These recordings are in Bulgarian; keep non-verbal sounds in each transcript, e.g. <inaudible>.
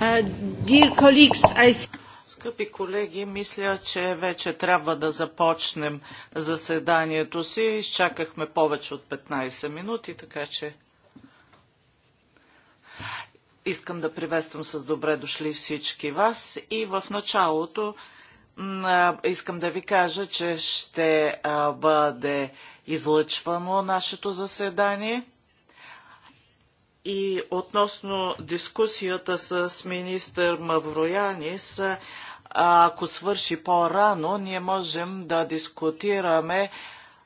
Uh, Скъпи колеги, мисля, че вече трябва да започнем заседанието си. Изчакахме повече от 15 минути, така че искам да приветствам с добре дошли всички вас и в началото искам да ви кажа, че ще бъде излъчвано нашето заседание и относно дискусията с министър Мавроянис, ако свърши по-рано, ние можем да дискутираме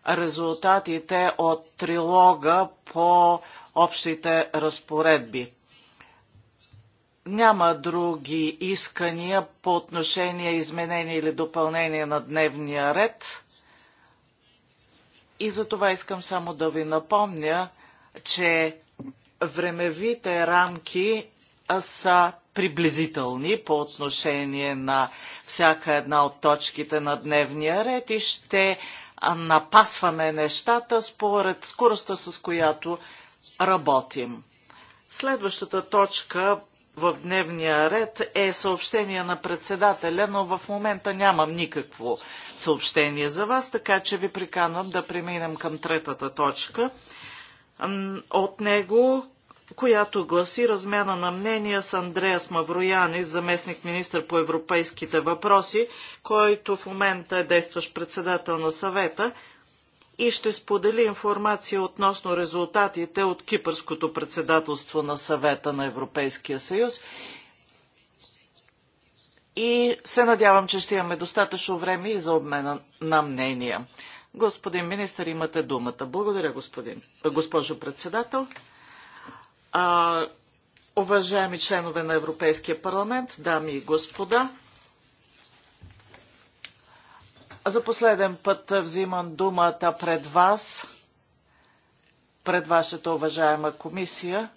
резултатите от трилога по общите разпоредби. Няма други искания по отношение изменение или допълнение на дневния ред. И за това искам само да ви напомня, че времевите рамки са приблизителни по отношение на всяка една от точките на дневния ред и ще напасваме нещата според скоростта, с която работим. Следващата точка в дневния ред е съобщение на председателя, но в момента нямам никакво съобщение за вас, така че ви приканвам да преминем към третата точка от него, която гласи размяна на мнения с Андреас Маврояни, заместник министр по европейските въпроси, който в момента е действащ председател на съвета и ще сподели информация относно резултатите от кипърското председателство на съвета на Европейския съюз. И се надявам, че ще имаме достатъчно време и за обмена на мнения. Господин министър, имате думата. Благодаря, господин, госпожо председател. А, уважаеми членове на Европейския парламент, дами и господа, за последен път взимам думата пред вас, пред вашата уважаема комисия.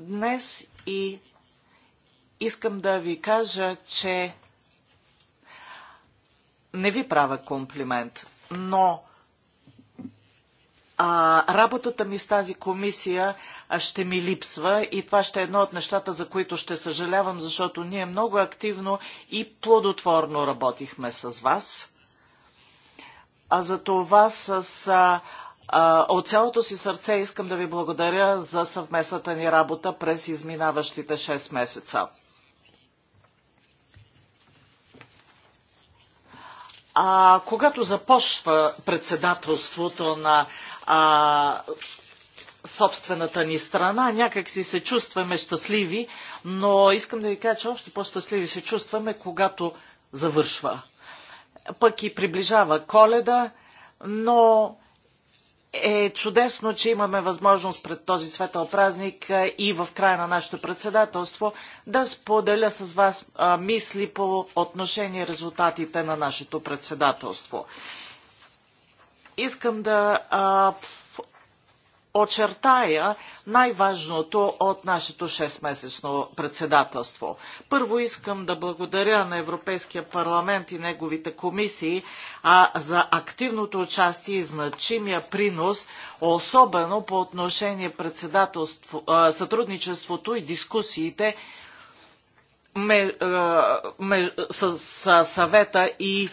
Днес и искам да ви кажа, че не ви правя комплимент, но а, работата ми с тази комисия ще ми липсва и това ще е едно от нещата, за които ще съжалявам, защото ние много активно и плодотворно работихме с вас. А за това с, а, а, от цялото си сърце искам да ви благодаря за съвместната ни работа през изминаващите 6 месеца. А когато започва председателството на а, собствената ни страна. Някак си се чувстваме щастливи, но искам да ви кажа, че още по-щастливи се чувстваме, когато завършва. Пък и приближава коледа, но е чудесно, че имаме възможност пред този светъл празник и в края на нашето председателство да споделя с вас мисли по отношение резултатите на нашето председателство искам да а, очертая най-важното от нашето 6-месечно председателство. Първо искам да благодаря на Европейския парламент и неговите комисии а, за активното участие и значимия принос, особено по отношение председателство, а, сътрудничеството и дискусиите ме, а, ме, с, с съвета и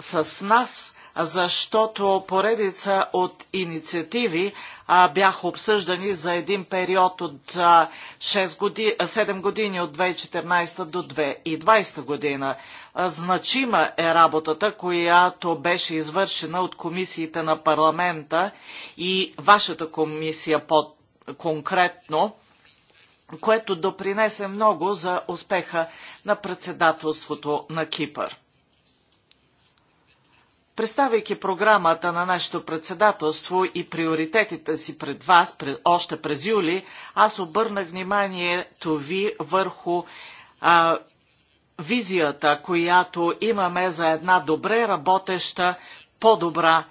с нас защото поредица от инициативи а, бяха обсъждани за един период от а, 6 години, 7 години от 2014 до 2020 година. А, значима е работата, която беше извършена от комисиите на парламента и вашата комисия под конкретно, което допринесе много за успеха на председателството на Кипър. Представяйки програмата на нашето председателство и приоритетите си пред вас пред, още през юли, аз обърнах вниманието ви върху а, визията, която имаме за една добре работеща, по-добра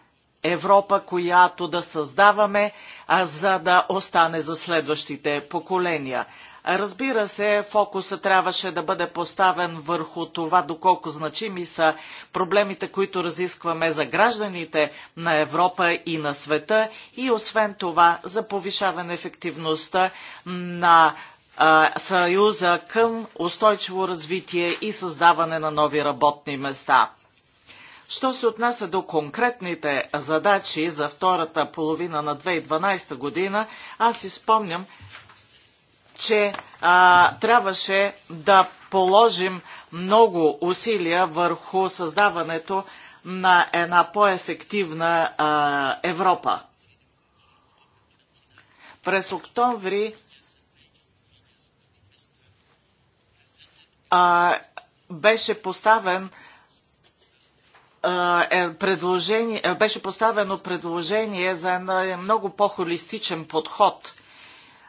Европа, която да създаваме, а за да остане за следващите поколения. Разбира се, фокуса трябваше да бъде поставен върху това доколко значими са проблемите, които разискваме за гражданите на Европа и на света и освен това за повишаване ефективността на Съюза към устойчиво развитие и създаване на нови работни места. Що се отнася до конкретните задачи за втората половина на 2012 година, аз изпомням, че а, трябваше да положим много усилия върху създаването на една по-ефективна Европа. През октомври а, беше поставен е, предложение, беше поставено предложение за много по-холистичен подход.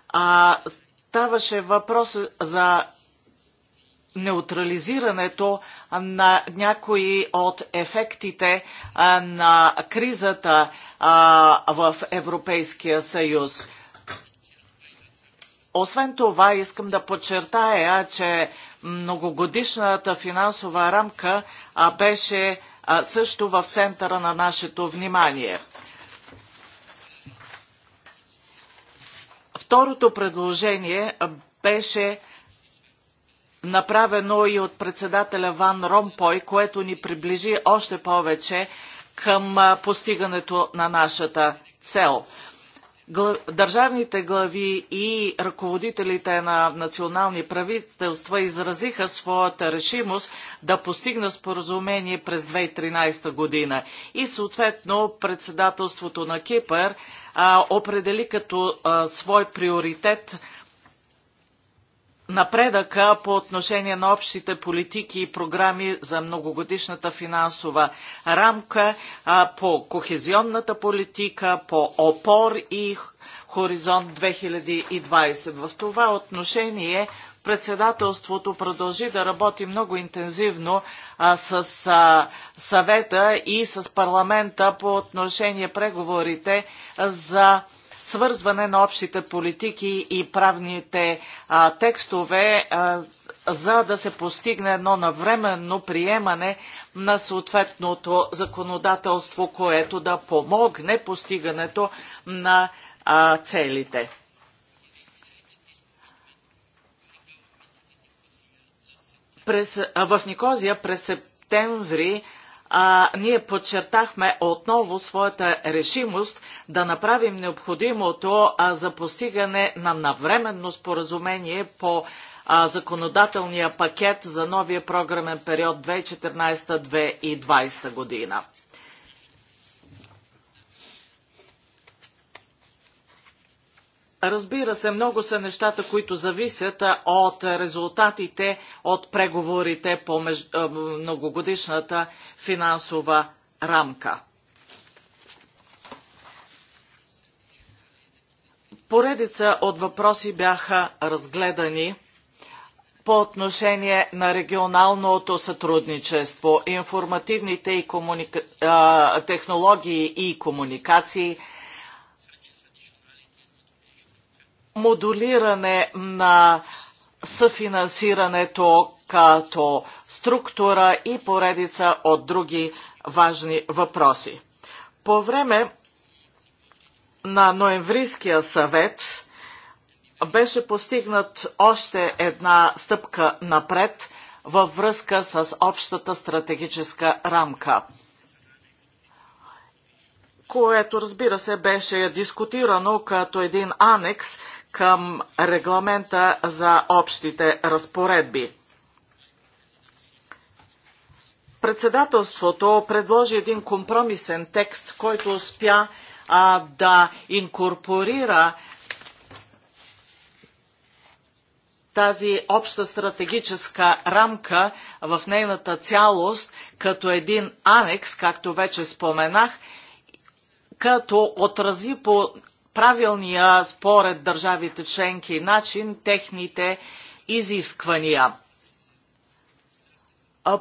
А, ставаше въпрос за неутрализирането на някои от ефектите на кризата в Европейския съюз. Освен това, искам да подчертая, че многогодишната финансова рамка беше също в центъра на нашето внимание. Второто предложение беше направено и от председателя Ван Ромпой, което ни приближи още повече към постигането на нашата цел държавните глави и ръководителите на национални правителства изразиха своята решимост да постигна споразумение през 2013 година и съответно председателството на Кипър определи като свой приоритет напредъка по отношение на общите политики и програми за многогодишната финансова рамка, по кохезионната политика, по опор и хоризонт 2020. В това отношение председателството продължи да работи много интензивно с съвета и с парламента по отношение преговорите за свързване на общите политики и правните а, текстове, а, за да се постигне едно навременно приемане на съответното законодателство, което да помогне постигането на а, целите. През, а, в Никозия през септември а, ние подчертахме отново своята решимост да направим необходимото а, за постигане на навременно споразумение по а, законодателния пакет за новия програмен период 2014-2020 година. Разбира се, много са нещата, които зависят от резултатите от преговорите по многогодишната финансова рамка. Поредица от въпроси бяха разгледани по отношение на регионалното сътрудничество, информативните и комуника... технологии и комуникации – модулиране на съфинансирането като структура и поредица от други важни въпроси. По време на ноемврийския съвет беше постигнат още една стъпка напред във връзка с общата стратегическа рамка което разбира се беше дискутирано като един анекс към регламента за общите разпоредби. Председателството предложи един компромисен текст, който успя а, да инкорпорира тази обща стратегическа рамка в нейната цялост като един анекс, както вече споменах, като отрази по правилния според държавите членки начин техните изисквания.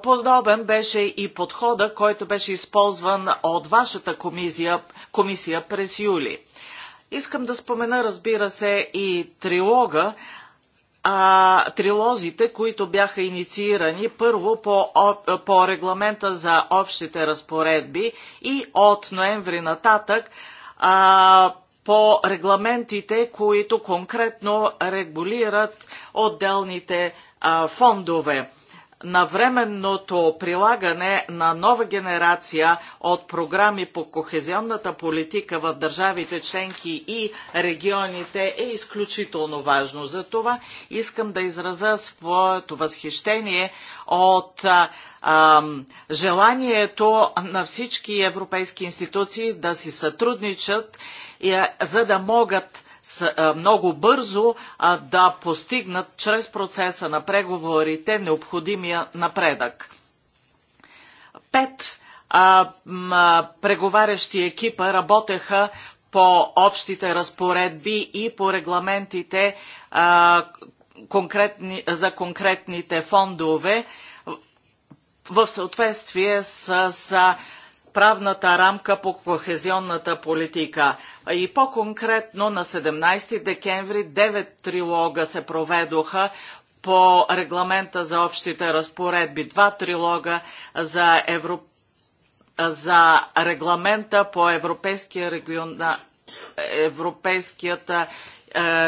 Подобен беше и подхода, който беше използван от вашата комисия, комисия през юли. Искам да спомена, разбира се, и трилога, а, трилозите, които бяха инициирани първо по, по регламента за общите разпоредби и от ноември нататък а, по регламентите, които конкретно регулират отделните а, фондове. временното прилагане на нова генерация от програми по кохезионната политика в държавите членки и регионите е изключително важно. За това искам да изразя своето възхищение от а, желанието на всички европейски институции да си сътрудничат е, за да могат е, много бързо е, да постигнат чрез процеса на преговорите необходимия напредък. Пет преговарящи екипа работеха по общите разпоредби и по регламентите за конкретните фондове в съответствие с, с правната рамка по кохезионната политика. И по-конкретно на 17 декември 9 трилога се проведоха по регламента за общите разпоредби, два трилога за, евро... за регламента по европейския регион... европейският е,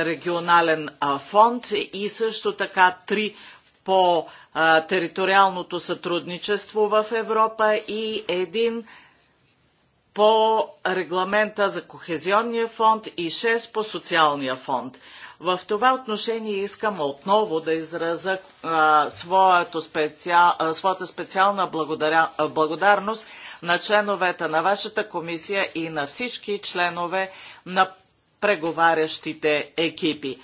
регионален фонд и също така три по териториалното сътрудничество в Европа и един по регламента за кохезионния фонд и 6 по социалния фонд. В това отношение искам отново да изразя а, специал, а, своята специална благодаря, а, благодарност на членовете на вашата комисия и на всички членове на преговарящите екипи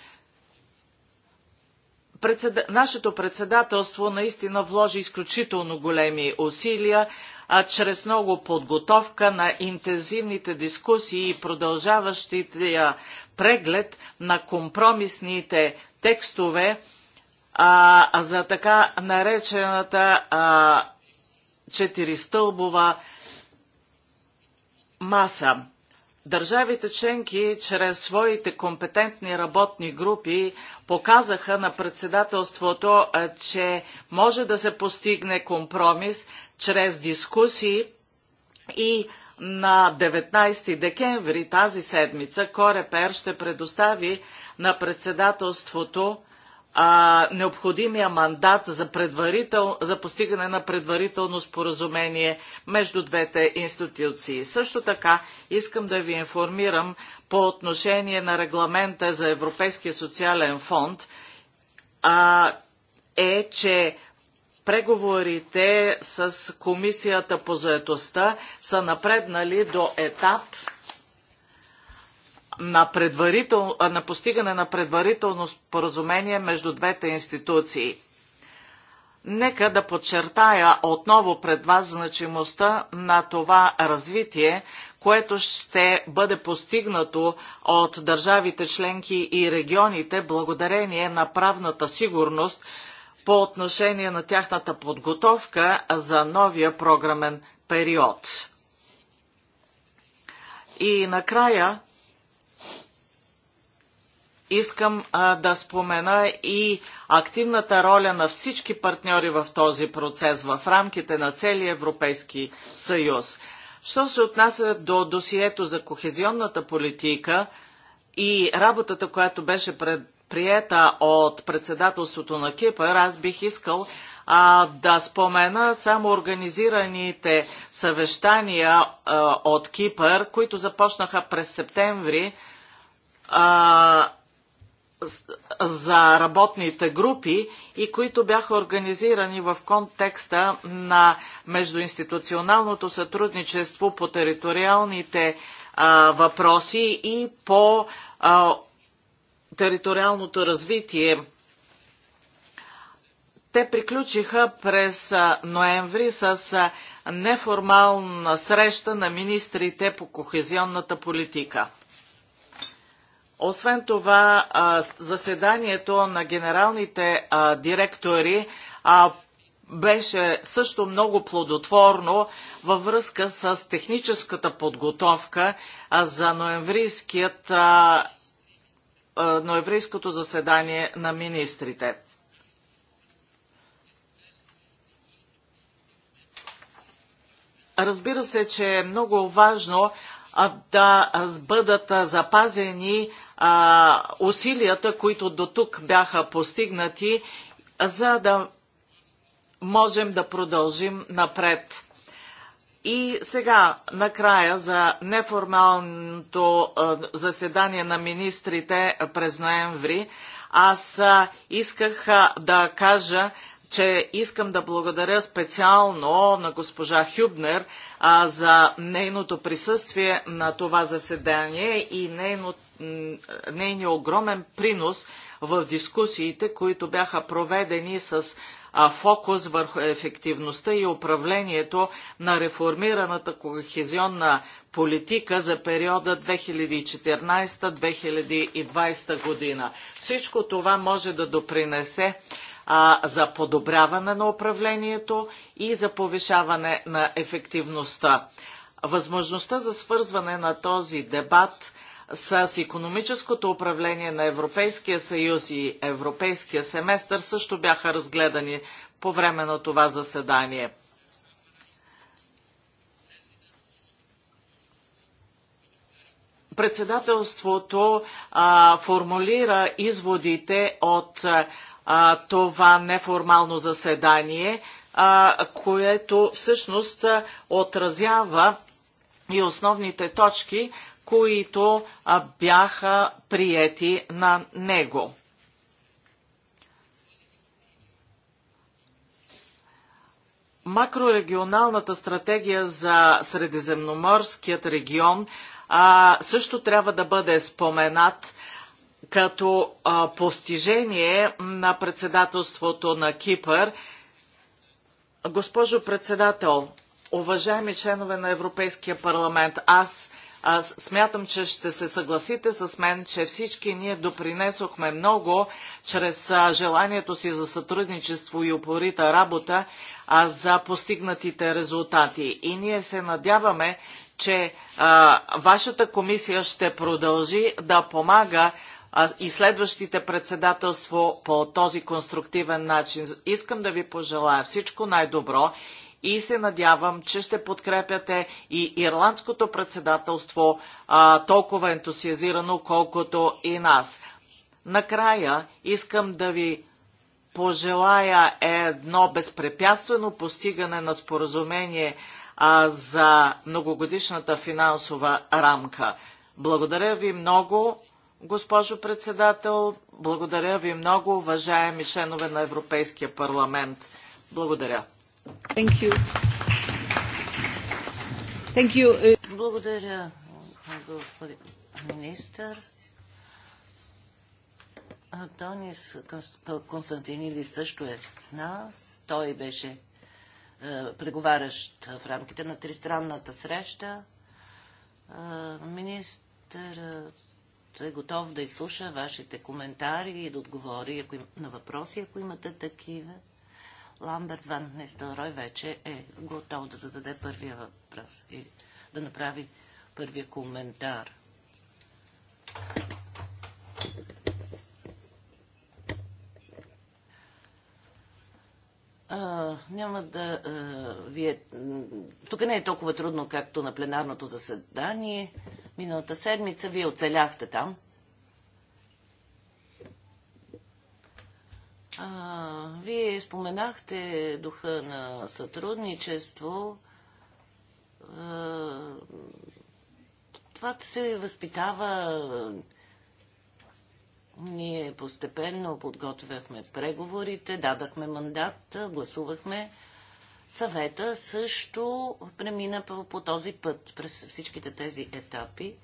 председ... нашето председателство наистина вложи изключително големи усилия а чрез много подготовка на интензивните дискусии и продължаващия преглед на компромисните текстове а, за така наречената а, четиристълбова маса. Държавите членки чрез своите компетентни работни групи показаха на председателството, че може да се постигне компромис чрез дискусии и на 19 декември тази седмица Корепер ще предостави на председателството а, необходимия мандат за, предварител, за постигане на предварително споразумение между двете институции. Също така искам да ви информирам по отношение на регламента за Европейския социален фонд а, е, че преговорите с Комисията по заедостта са напреднали до етап на, предварител, на постигане на предварително споразумение между двете институции. Нека да подчертая отново пред вас значимостта на това развитие, което ще бъде постигнато от държавите членки и регионите благодарение на правната сигурност по отношение на тяхната подготовка за новия програмен период. И накрая искам а, да спомена и активната роля на всички партньори в този процес в рамките на целия Европейски съюз. Що се отнася до досието за кохезионната политика и работата, която беше пред, приета от председателството на Кипър, аз бих искал а, да спомена само организираните съвещания а, от Кипър, които започнаха през септември а, за работните групи и които бяха организирани в контекста на междуинституционалното сътрудничество по териториалните а, въпроси и по а, териториалното развитие. Те приключиха през ноември с неформална среща на министрите по кохезионната политика. Освен това, заседанието на генералните директори беше също много плодотворно във връзка с техническата подготовка за ноеврийското ноемврийското заседание на министрите. Разбира се, че е много важно да бъдат запазени усилията, които до тук бяха постигнати, за да можем да продължим напред. И сега, накрая, за неформалното заседание на министрите през ноември, аз исках да кажа че искам да благодаря специално на госпожа Хюбнер а, за нейното присъствие на това заседание и нейния огромен принос в дискусиите, които бяха проведени с а, фокус върху ефективността и управлението на реформираната кохезионна политика за периода 2014-2020 година. Всичко това може да допринесе а, за подобряване на управлението и за повишаване на ефективността. Възможността за свързване на този дебат с економическото управление на Европейския съюз и Европейския семестър също бяха разгледани по време на това заседание. Председателството а, формулира изводите от а, а, това неформално заседание, а, което всъщност отразява и основните точки, които а, бяха приети на него. Макрорегионалната стратегия за Средиземноморският регион а, също трябва да бъде споменат като постижение на председателството на Кипър. Госпожо председател, уважаеми членове на Европейския парламент, аз аз смятам, че ще се съгласите с мен, че всички ние допринесохме много чрез желанието си за сътрудничество и упорита работа а, за постигнатите резултати. И ние се надяваме, че а, вашата комисия ще продължи да помага и следващите председателство по този конструктивен начин. Искам да ви пожелая всичко най-добро и се надявам, че ще подкрепяте и ирландското председателство а, толкова ентусиазирано, колкото и нас. Накрая искам да ви пожелая едно безпрепятствено постигане на споразумение а, за многогодишната финансова рамка. Благодаря ви много госпожо председател. Благодаря ви много, уважаеми членове на Европейския парламент. Благодаря. Thank you. Thank you. Uh, благодаря, господин министър. Антонис Константинили също е с нас. Той беше е, преговарящ в рамките на тристранната среща. Е, министър е готов да изслуша вашите коментари и да отговори ако им, на въпроси, ако имате такива. Ламберт Ван Нестелрой вече е готов да зададе първия въпрос и да направи първия коментар. А, няма да. А, вие... Тук не е толкова трудно, както на пленарното заседание. Миналата седмица вие оцеляхте там. А, вие споменахте духа на сътрудничество. А, това се възпитава. Ние постепенно подготвяхме преговорите, дадахме мандат, гласувахме Съвета също премина по, по този път през всичките тези етапи.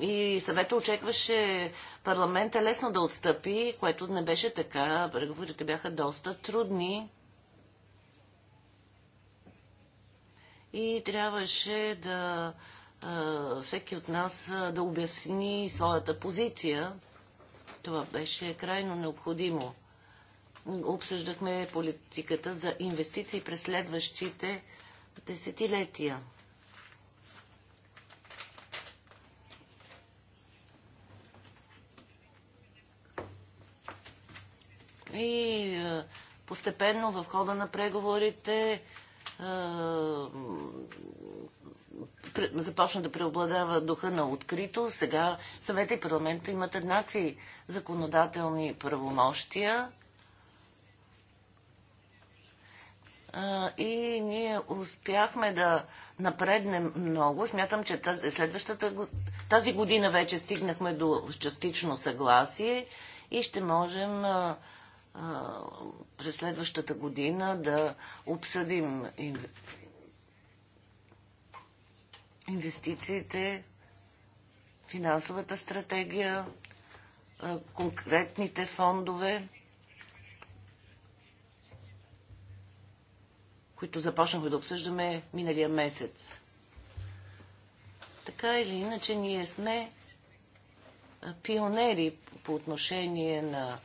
И съвета очекваше парламента лесно да отстъпи, което не беше така. Преговорите бяха доста трудни. И трябваше да всеки от нас да обясни своята позиция. Това беше крайно необходимо. Обсъждахме политиката за инвестиции през следващите десетилетия. И е, постепенно в хода на преговорите е, започна да преобладава духа на открито. Сега съвета и парламента имат еднакви законодателни правомощия. И ние успяхме да напреднем много. Смятам, че тази, следващата, тази година вече стигнахме до частично съгласие и ще можем а, а, през следващата година да обсъдим инвестициите, финансовата стратегия, конкретните фондове, които започнахме да обсъждаме миналия месец. Така или иначе, ние сме пионери по отношение на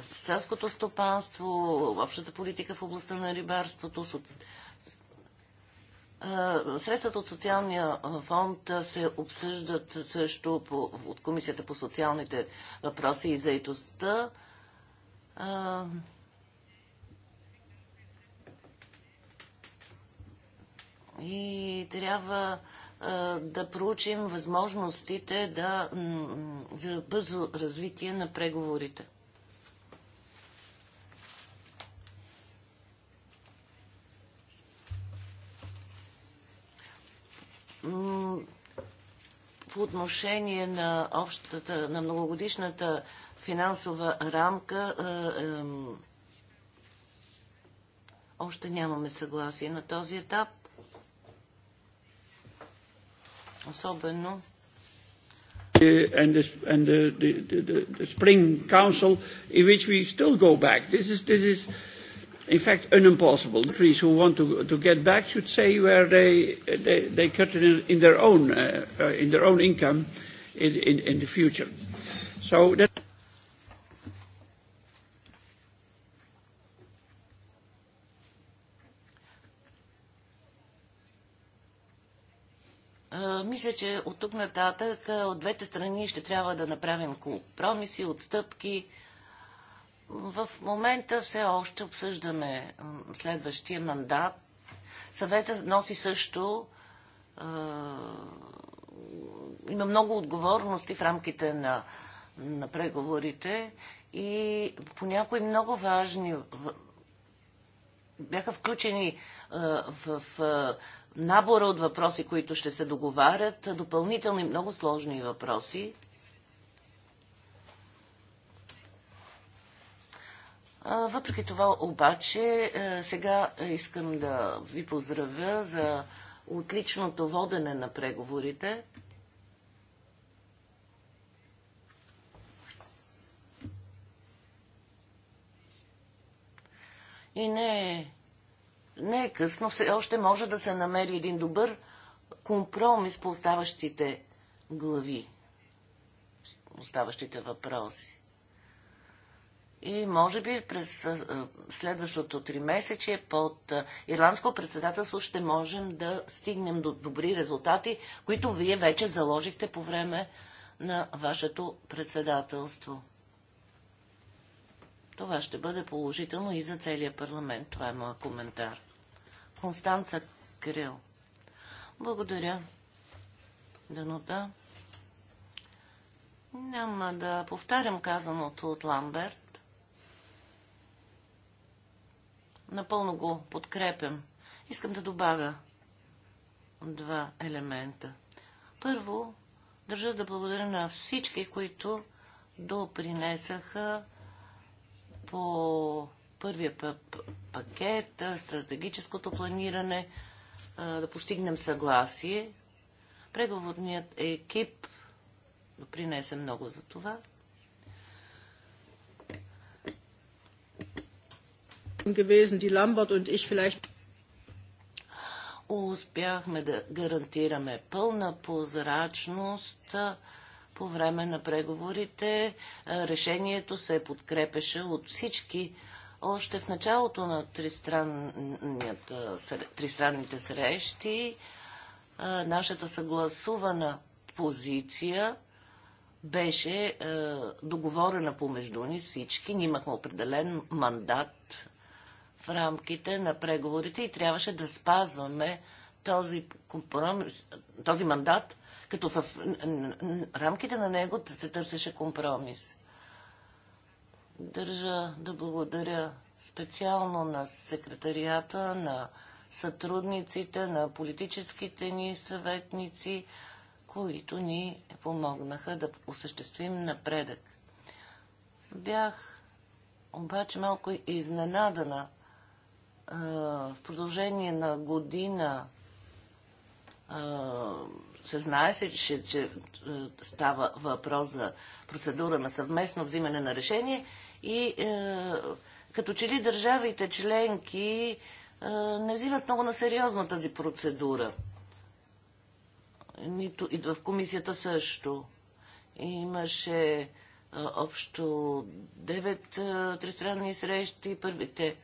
селското стопанство, общата политика в областта на рибарството, Средствата от социалния фонд се обсъждат също по, от Комисията по социалните въпроси и заетостта. И трябва да проучим възможностите да, за бързо развитие на преговорите. по отношение на общата, на многогодишната финансова рамка е, още нямаме съгласие на този етап. Особено and the, and the, the, the, the spring council in which we still go back. This is, this is in fact, unimpossible. Countries who want to, to get back should say where they, they, they cut it in, in, their own, uh, uh, in their own income in, in, in the future. So that мисля, че от тук нататък от двете страни ще трябва да направим компромиси, отстъпки, в момента все още обсъждаме следващия мандат. Съвета носи също има много отговорности в рамките на, на преговорите и по някои много важни бяха включени в набора от въпроси, които ще се договарят, допълнителни много сложни въпроси, Въпреки това обаче е, сега искам да ви поздравя за отличното водене на преговорите. И не е, не е късно, все още може да се намери един добър компромис по оставащите глави, оставащите въпроси и може би през следващото три месече под ирландско председателство ще можем да стигнем до добри резултати, които вие вече заложихте по време на вашето председателство. Това ще бъде положително и за целия парламент. Това е моят коментар. Констанца Крил. Благодаря. Данота. Няма да повтарям казаното от Ламберт. Напълно го подкрепям. Искам да добавя два елемента. Първо, държа да благодаря на всички, които допринесаха по първия пакет, стратегическото планиране, да постигнем съгласие. Преговорният екип допринесе много за това. gewesen, die Lambert und ich vielleicht успяхме да гарантираме пълна прозрачност по време на преговорите. Решението се подкрепеше от всички. Още в началото на тристранните срещи нашата съгласувана позиция беше договорена помежду ни всички. Ние имахме определен мандат в рамките на преговорите и трябваше да спазваме този, компромис, този мандат, като в рамките на него се търсеше компромис. Държа да благодаря специално на секретарията, на сътрудниците, на политическите ни съветници, които ни помогнаха да осъществим напредък. Бях обаче малко изненадана в продължение на година се знае се, че, че става въпрос за процедура на съвместно взимане на решение и е, като че ли държавите членки е, не взимат много на сериозно тази процедура. Нито, и в комисията също. Имаше е, общо 9 е, тристранни срещи. Първите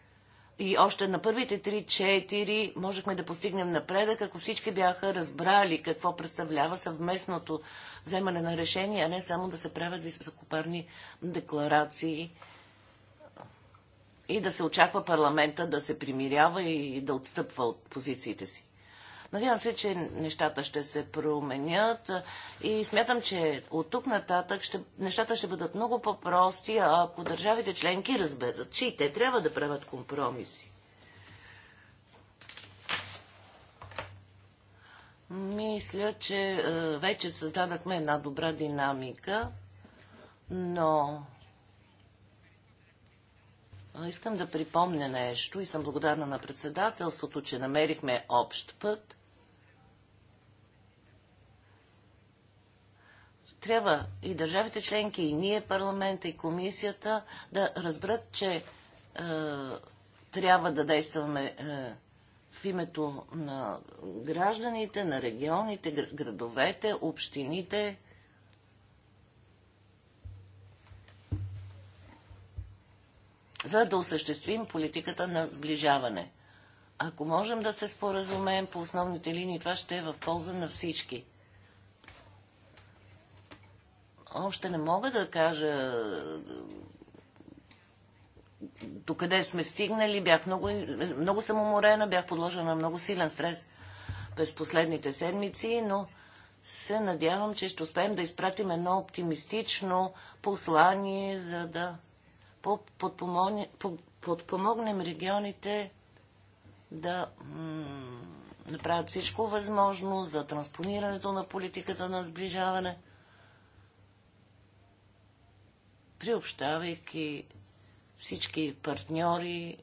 и още на първите 3-4 можехме да постигнем напредък, ако всички бяха разбрали какво представлява съвместното вземане на решение, а не само да се правят високопарни декларации и да се очаква парламента да се примирява и да отстъпва от позициите си. Надявам се, че нещата ще се променят и смятам, че от тук нататък ще, нещата ще бъдат много по-прости, ако държавите членки разберат, че и те трябва да правят компромиси. Мисля, че е, вече създадахме една добра динамика, но искам да припомня нещо и съм благодарна на председателството, че намерихме общ път. трябва и държавите членки, и ние, парламента, и комисията да разберат, че е, трябва да действаме е, в името на гражданите, на регионите, градовете, общините. за да осъществим политиката на сближаване. Ако можем да се споразумеем по основните линии, това ще е в полза на всички – още не мога да кажа до къде сме стигнали. Бях много, много съм уморена, бях подложена на много силен стрес през последните седмици, но се надявам, че ще успеем да изпратим едно оптимистично послание, за да подпомогнем регионите да направят всичко възможно за транспонирането на политиката на сближаване – приобщавайки всички партньори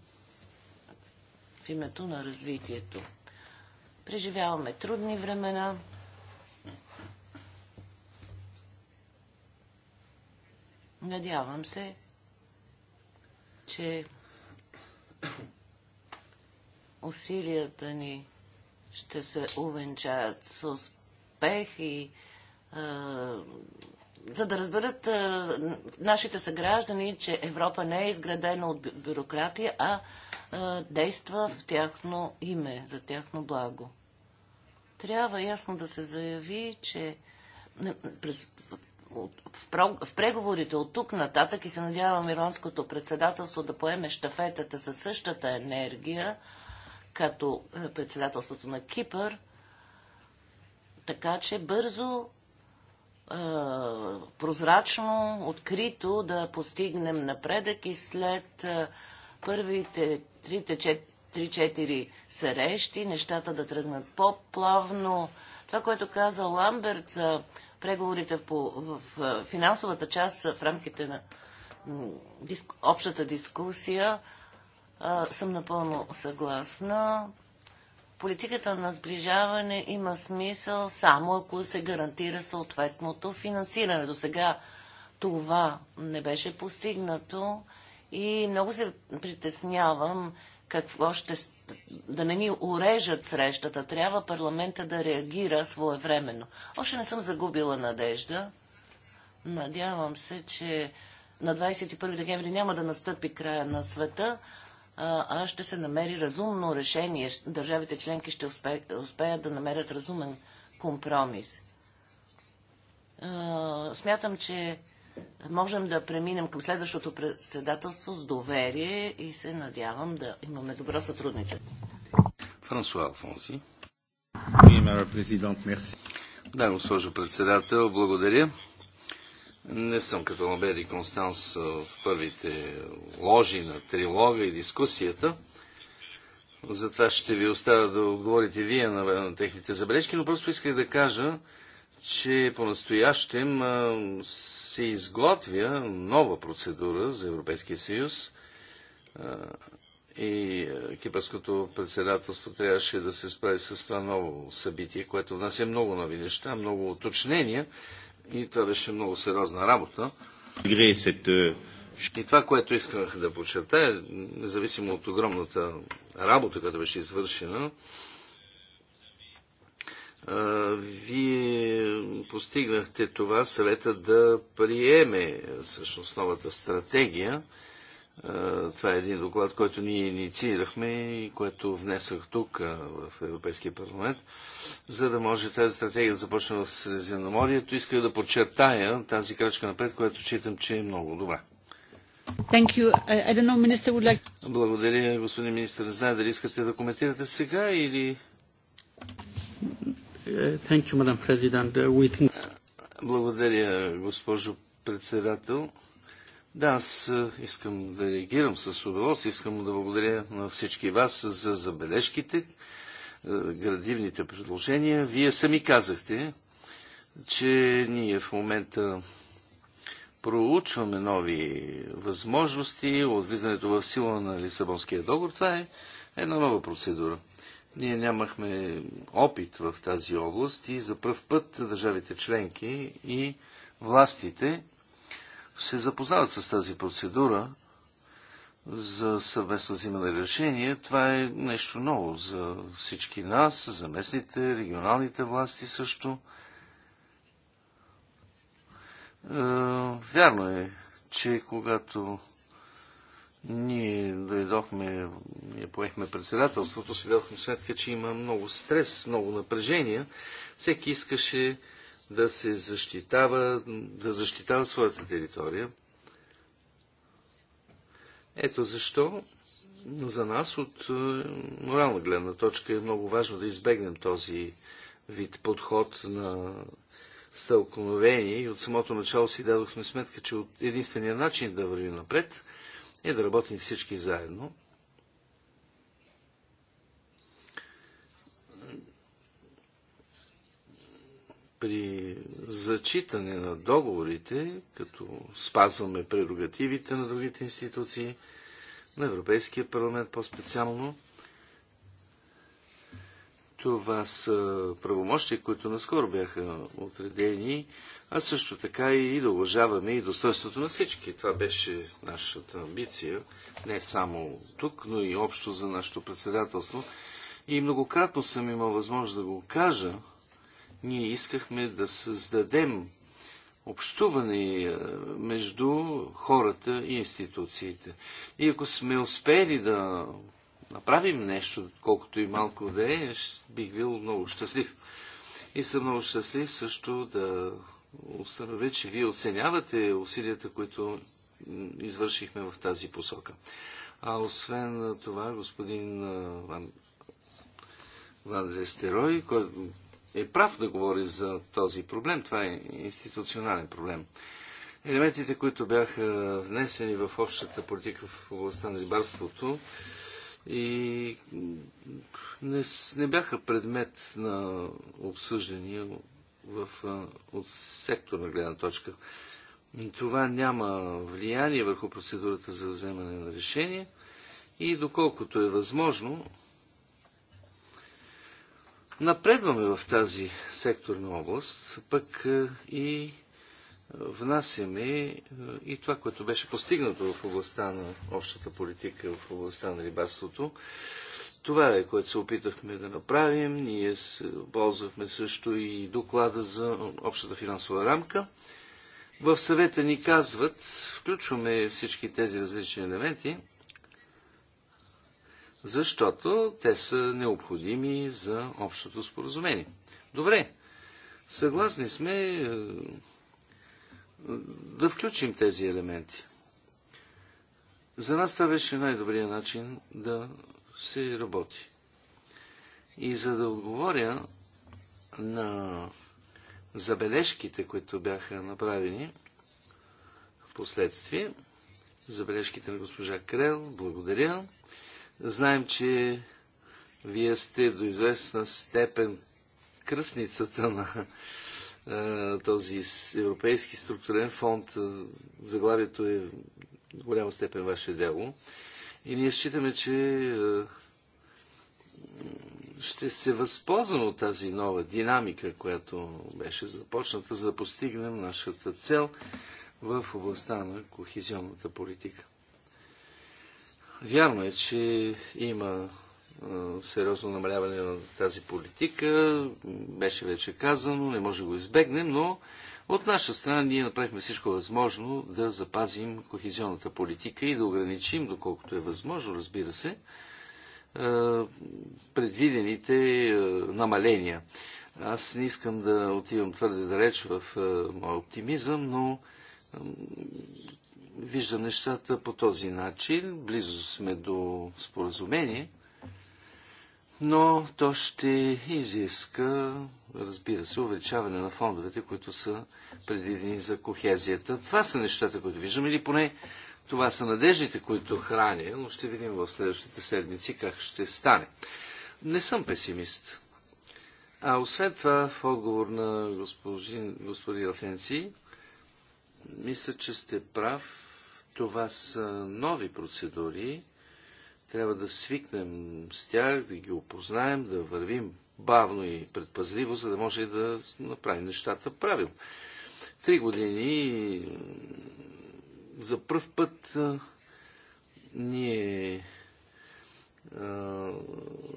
в името на развитието. Преживяваме трудни времена. Надявам се, че усилията ни ще се увенчаят с успех и за да разберат а, нашите съграждани, че Европа не е изградена от бюрократия, а, а действа в тяхно име, за тяхно благо. Трябва ясно да се заяви, че през, от, в, в преговорите от тук нататък и се надявам иронското председателство да поеме штафетата със същата енергия, като е, председателството на Кипър, така че бързо прозрачно, открито да постигнем напредък и след първите 3-4 срещи нещата да тръгнат по-плавно. Това, което каза Ламберт за преговорите по, в, в финансовата част в рамките на диск, общата дискусия, а, съм напълно съгласна политиката на сближаване има смисъл само ако се гарантира съответното финансиране. До сега това не беше постигнато и много се притеснявам какво ще да не ни урежат срещата. Трябва парламента да реагира своевременно. Още не съм загубила надежда. Надявам се, че на 21 декември няма да настъпи края на света, а ще се намери разумно решение. Държавите членки ще успе, успеят да намерят разумен компромис. Смятам, че можем да преминем към следващото председателство с доверие и се надявам да имаме добро сътрудничество. Франсуа Алфонси. Да, госпожо председател, благодаря. Не съм като Ламбер и Констанс в първите ложи на трилога и дискусията. Затова ще ви оставя да отговорите вие на, техните забележки, но просто исках да кажа, че по-настоящем се изготвя нова процедура за Европейския съюз и кипърското председателство трябваше да се справи с това ново събитие, което внася много нови неща, много уточнения и това беше много сериозна работа. Euh, И това, което исках да подчертая, независимо от огромната работа, която беше извършена, вие постигнахте това съвета да приеме всъщност новата стратегия е, това е един доклад, който ние инициирахме и което внесах тук е, в Европейския парламент, за да може тази стратегия да започне в Средиземноморието. Исках да подчертая тази крачка напред, която читам, че е много добра. Know, like... Благодаря, господин министр. Не знае дали искате да коментирате сега или... Е, you, Благодаря, госпожо председател. Да, аз искам да реагирам с удоволствие. Искам да благодаря на всички вас за забележките, градивните предложения. Вие сами казахте, че ние в момента проучваме нови възможности от влизането в сила на Лисабонския договор. Това е една нова процедура. Ние нямахме опит в тази област и за първ път държавите членки и властите се запознават с тази процедура за съвместно взимане решение. Това е нещо ново за всички нас, за местните, регионалните власти също. Е, вярно е, че когато ние дойдохме, ние поехме председателството, си дадохме сметка, че има много стрес, много напрежение. Всеки искаше да се защитава, да защитава своята територия. Ето защо за нас от е, морална гледна точка е много важно да избегнем този вид подход на стълкновение и от самото начало си дадохме сметка, че единствения начин да вървим напред е да работим всички заедно при зачитане на договорите, като спазваме прерогативите на другите институции, на Европейския парламент по-специално, това са правомощия, които наскоро бяха отредени, а също така и да уважаваме и достоинството на всички. Това беше нашата амбиция, не само тук, но и общо за нашето председателство. И многократно съм имал възможност да го кажа, ние искахме да създадем общуване е, между хората и институциите. И ако сме успели да направим нещо, колкото и малко да е, бих бил много щастлив. И съм много щастлив също да установя, че вие оценявате усилията, които извършихме в тази посока. А освен това, господин Ван, Рестерой, който е прав да говори за този проблем. Това е институционален проблем. Елементите, които бяха внесени в общата политика в областта на рибарството и не, не бяха предмет на обсъждания в, от секторна гледна точка. Това няма влияние върху процедурата за вземане на решение и доколкото е възможно, напредваме в тази секторна област, пък е, и е, внасяме е, и това, което беше постигнато в областта на общата политика, в областта на рибарството. Това е, което се опитахме да направим. Ние се ползвахме също и доклада за общата финансова рамка. В съвета ни казват, включваме всички тези различни елементи – защото те са необходими за общото споразумение. Добре, съгласни сме е, е, да включим тези елементи. За нас това беше най-добрият начин да се работи. И за да отговоря на забележките, които бяха направени в последствие, забележките на госпожа Крел, благодаря. Знаем, че вие сте до известна степен кръсницата на е, този Европейски структурен фонд. Заглавието е до голяма степен ваше дело. И ние считаме, че е, ще се възползваме от тази нова динамика, която беше започната, за да постигнем нашата цел в областта на кохезионната политика. Вярно е, че има сериозно намаляване на тази политика. Беше вече казано, не може да го избегнем, но от наша страна ние направихме всичко възможно да запазим кохезионната политика и да ограничим, доколкото е възможно, разбира се, предвидените намаления. Аз не искам да отивам твърде далеч в моя оптимизъм, но виждам нещата по този начин. Близо сме до споразумение, но то ще изиска, разбира се, увеличаване на фондовете, които са предвидени за кохезията. Това са нещата, които виждам, или поне това са надеждите, които храня, но ще видим в следващите седмици как ще стане. Не съм песимист. А освен това, в отговор на господин, господин Афенци, мисля, че сте прав това са нови процедури. Трябва да свикнем с тях, да ги опознаем, да вървим бавно и предпазливо, за да може да направим нещата правилно. Три години за първ път ние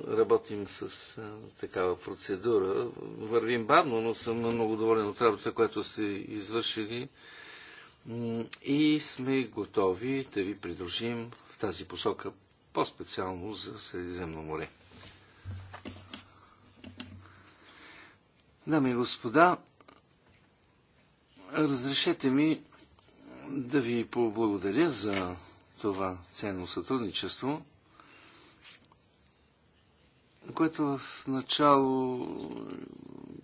работим с такава процедура. Вървим бавно, но съм много доволен от работата, която сте извършили и сме готови да ви придружим в тази посока по-специално за Средиземно море. Дами и господа, разрешете ми да ви поблагодаря за това ценно сътрудничество, което в начало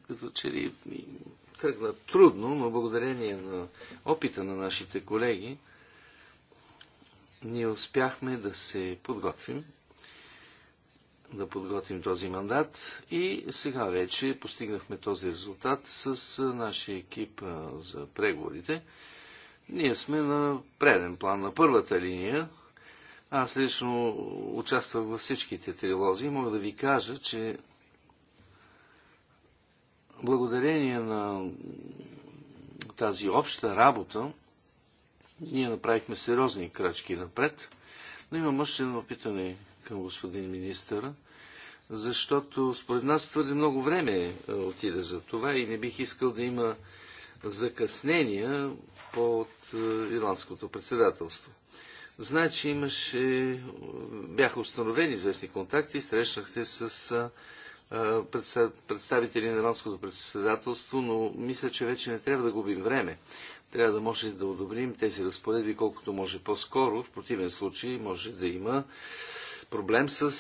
като че ли тръгна трудно, но благодарение на опита на нашите колеги, ние успяхме да се подготвим, да подготвим този мандат и сега вече постигнахме този резултат с нашия екип за преговорите. Ние сме на преден план, на първата линия. Аз лично участвах във всичките трилози и мога да ви кажа, че благодарение на тази обща работа, ние направихме сериозни крачки напред. Но имам още едно питане към господин министъра, защото според нас твърде много време е, отиде за това и не бих искал да има закъснения под е, ирландското председателство. Значи, имаше, бяха установени известни контакти, срещнахте с е, е, представители на ирландското председателство, но мисля, че вече не трябва да губим време. Трябва да може да одобрим тези разпоредби колкото може по-скоро. В противен случай може да има проблем с, е,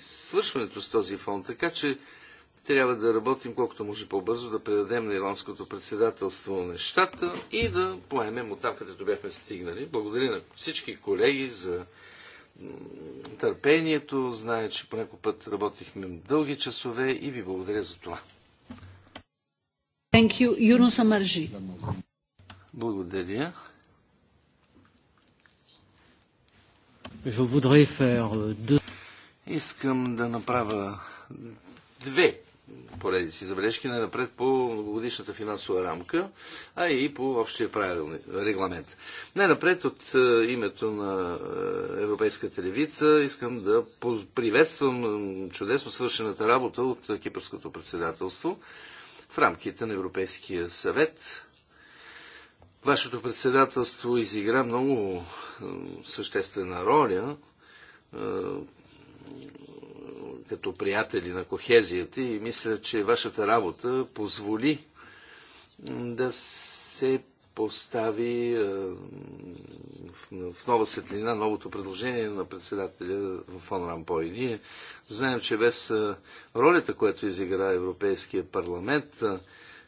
свършването с този фонд. Така че трябва да работим колкото може по-бързо, да предадем на ирландското председателство нещата и да поемем от там, където бяхме стигнали. Благодаря на всички колеги за търпението. Знае, че по някой път работихме дълги часове и ви благодаря за това. Thank you. Благодаря. Je faire euh, deux... Искам да направя две поредици забележки най-напред по многогодишната финансова рамка, а и по общия правил регламент. Най-напред от е, името на е, Европейската левица искам да приветствам е, чудесно свършената работа от Кипърското председателство в рамките на Европейския съвет. Вашето председателство изигра много съществена роля като приятели на кохезията и мисля, че вашата работа позволи да се постави в нова светлина новото предложение на председателя Фон Рампой. Ние знаем, че без ролята, която изигра Европейския парламент,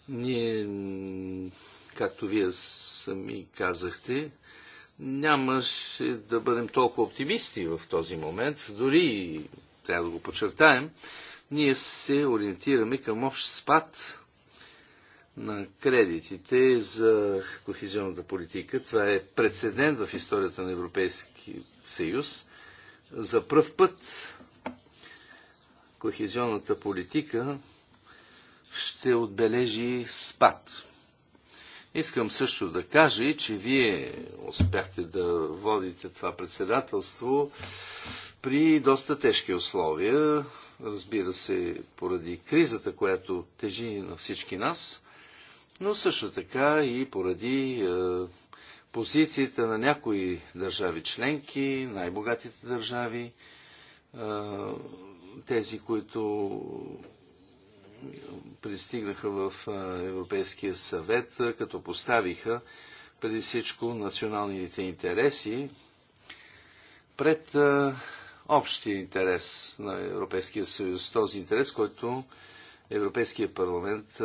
ние, както вие сами казахте, нямаше да бъдем толкова оптимисти в този момент, дори трябва да го подчертаем, ние се ориентираме към общ спад на кредитите за кохезионната политика. Това е прецедент в историята на Европейски съюз. За пръв път кохезионната политика ще отбележи спад. Искам също да кажа и, че вие успяхте да водите това председателство при доста тежки условия, разбира се, поради кризата, която тежи на всички нас, но също така и поради е, позицията на някои държави членки, най-богатите държави, е, тези, които пристигнаха в Европейския съвет, като поставиха преди всичко националните интереси пред общия интерес на Европейския съюз. Този интерес, който Европейския парламент,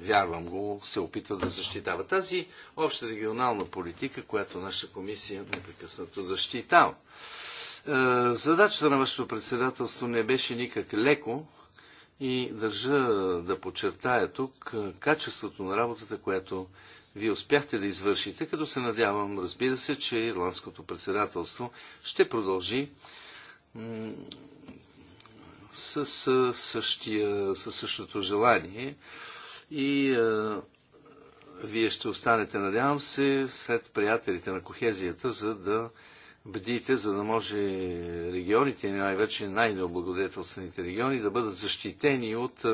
вярвам го, се опитва да защитава. Тази обща регионална политика, която нашата комисия непрекъснато защитава. Е, задачата на вашето председателство не беше никак леко, и държа да подчертая тук качеството на работата, която вие успяхте да извършите, като се надявам, разбира се, че ирландското председателство ще продължи с, същия, със същото желание и вие ще останете, надявам се, след приятелите на кохезията, за да бдите, за да може регионите, най-вече най-необлагодетелствените региони, да бъдат защитени от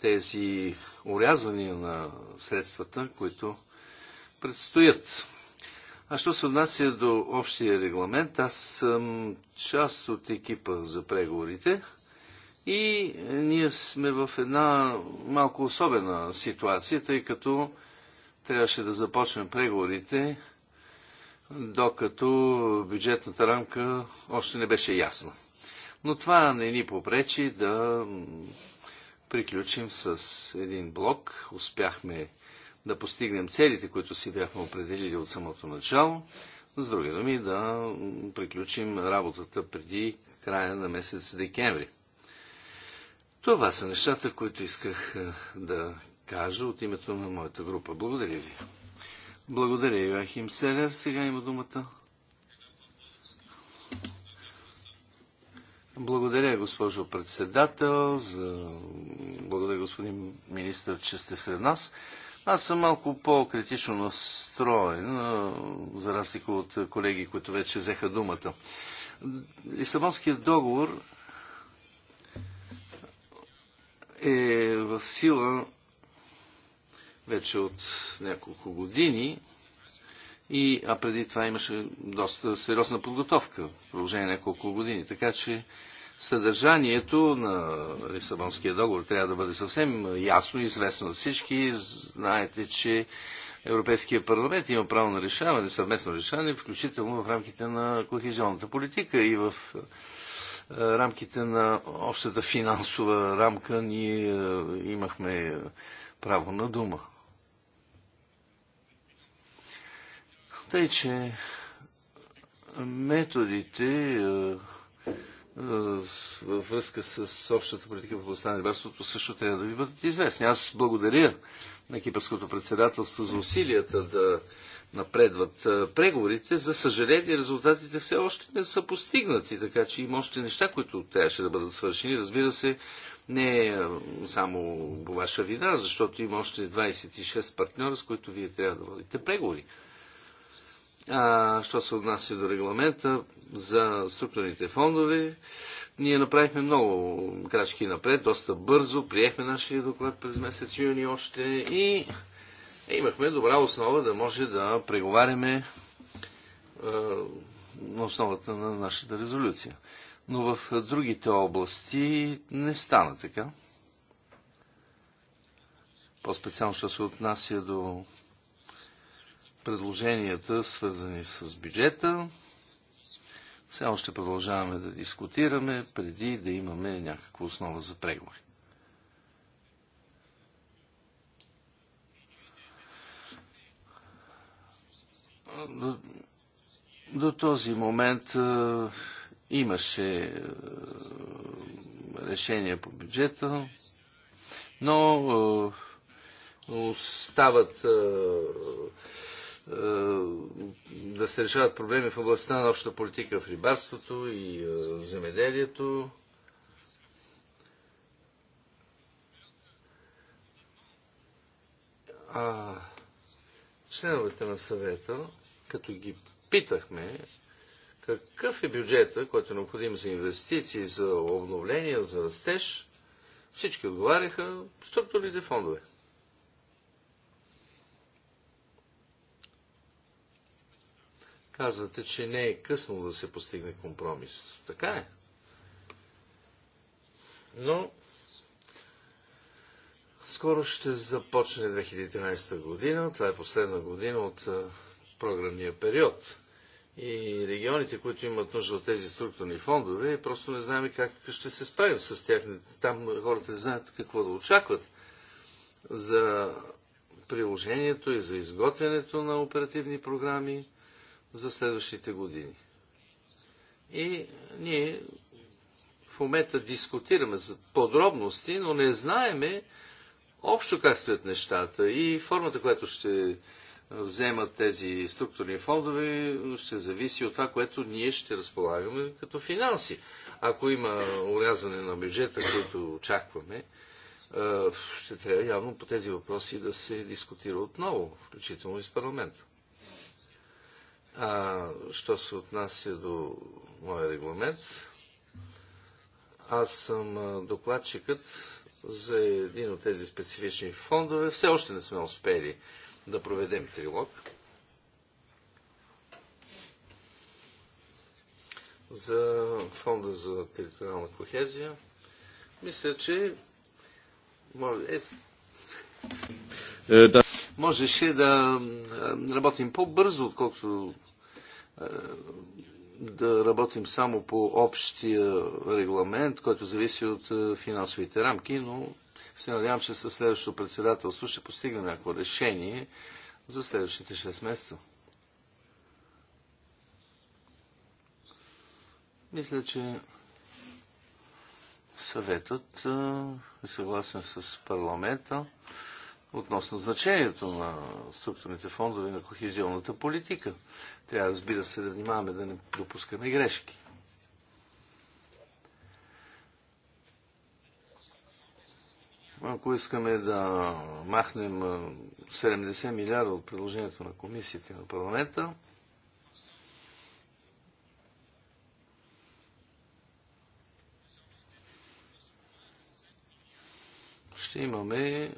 тези урязвания на средствата, които предстоят. А що се отнася до общия регламент, аз съм част от екипа за преговорите и ние сме в една малко особена ситуация, тъй като трябваше да започнем преговорите докато бюджетната рамка още не беше ясна. Но това не ни попречи да приключим с един блок. Успяхме да постигнем целите, които си бяхме определили от самото начало. С други думи, да приключим работата преди края на месец декември. Това са нещата, които исках е, да кажа от името на моята група. Благодаря ви. Благодаря, Йоахим Селер. Сега има думата. Благодаря, госпожо председател, за... благодаря, господин министр, че сте сред нас. Аз съм малко по-критично настроен, за разлика от колеги, които вече взеха думата. Лисабонският договор е в сила вече от няколко години, и, а преди това имаше доста сериозна подготовка в продължение на няколко години. Така че съдържанието на Лисабонския договор трябва да бъде съвсем ясно и известно за всички. Знаете, че Европейския парламент има право на решаване, съвместно решаване, включително в рамките на кохезионната политика и в рамките на общата финансова рамка ние имахме право на дума. Тъй, е, че методите във връзка с общата политика в областта на рибарството също трябва да ви бъдат известни. Аз благодаря на Кипърското председателство за усилията да напредват преговорите. За съжаление, резултатите все още не са постигнати, така че има още неща, които трябваше да бъдат свършени. Разбира се, не е, само по ваша вина, защото има още 26 партньора, с които вие трябва да водите преговори. А, що се отнася до регламента за структурните фондове, ние направихме много крачки напред, доста бързо, приехме нашия доклад през месец юни още и имахме добра основа да може да преговаряме а, на основата на нашата резолюция. Но в другите области не стана така. По-специално, що се отнася до предложенията, свързани с бюджета. Все още продължаваме да дискутираме, преди да имаме някаква основа за преговори. До, до този момент а, имаше а, решение по бюджета, но а, остават а, е, да се решават проблеми в областта на общата политика в рибарството и е, земеделието. А членовете на съвета, като ги питахме какъв е бюджета, който е необходим за инвестиции, за обновления, за растеж, всички отговаряха структурните фондове. Казвате, че не е късно да се постигне компромис. Така е. Но скоро ще започне 2013 година. Това е последна година от програмния период. И регионите, които имат нужда от тези структурни фондове, просто не знаем как ще се справим с тях. Там хората не знаят какво да очакват за приложението и за изготвянето на оперативни програми за следващите години. И ние в момента дискутираме за подробности, но не знаеме общо как стоят нещата и формата, която ще вземат тези структурни фондове, ще зависи от това, което ние ще разполагаме като финанси. Ако има урязване на бюджета, който очакваме, е, ще трябва явно по тези въпроси да се дискутира отново, включително и с парламента. А, що се отнася до моя регламент, аз съм докладчикът за един от тези специфични фондове. Все още не сме успели да проведем трилог. За фонда за териториална кохезия. Мисля, че може... Е... е да можеше да работим по-бързо, отколкото да работим само по общия регламент, който зависи от финансовите рамки, но се надявам, че със следващото председателство ще постигне някакво решение за следващите 6 месеца. Мисля, че съветът е съгласен с парламента относно значението на структурните фондове на кохезионната политика. Трябва, разбира се, да внимаваме да не допускаме грешки. Ако искаме да махнем 70 милиарда от предложението на комисията на парламента, ще имаме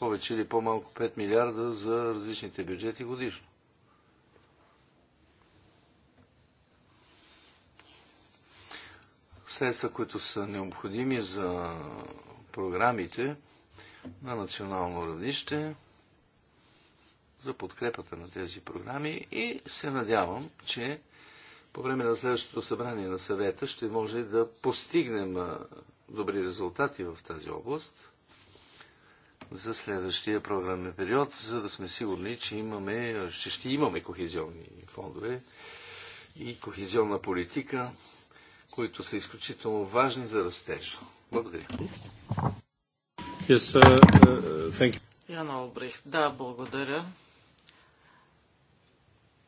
повече или по-малко 5 милиарда за различните бюджети годишно. Средства, които са необходими за програмите на национално равнище, за подкрепата на тези програми и се надявам, че по време на следващото събрание на съвета ще може да постигнем добри резултати в тази област за следващия програмен период, за да сме сигурни, че имаме, ще, ще имаме кохезионни фондове и кохезионна политика, които са изключително важни за растежа. Благодаря. Yes, uh, uh, да, благодаря.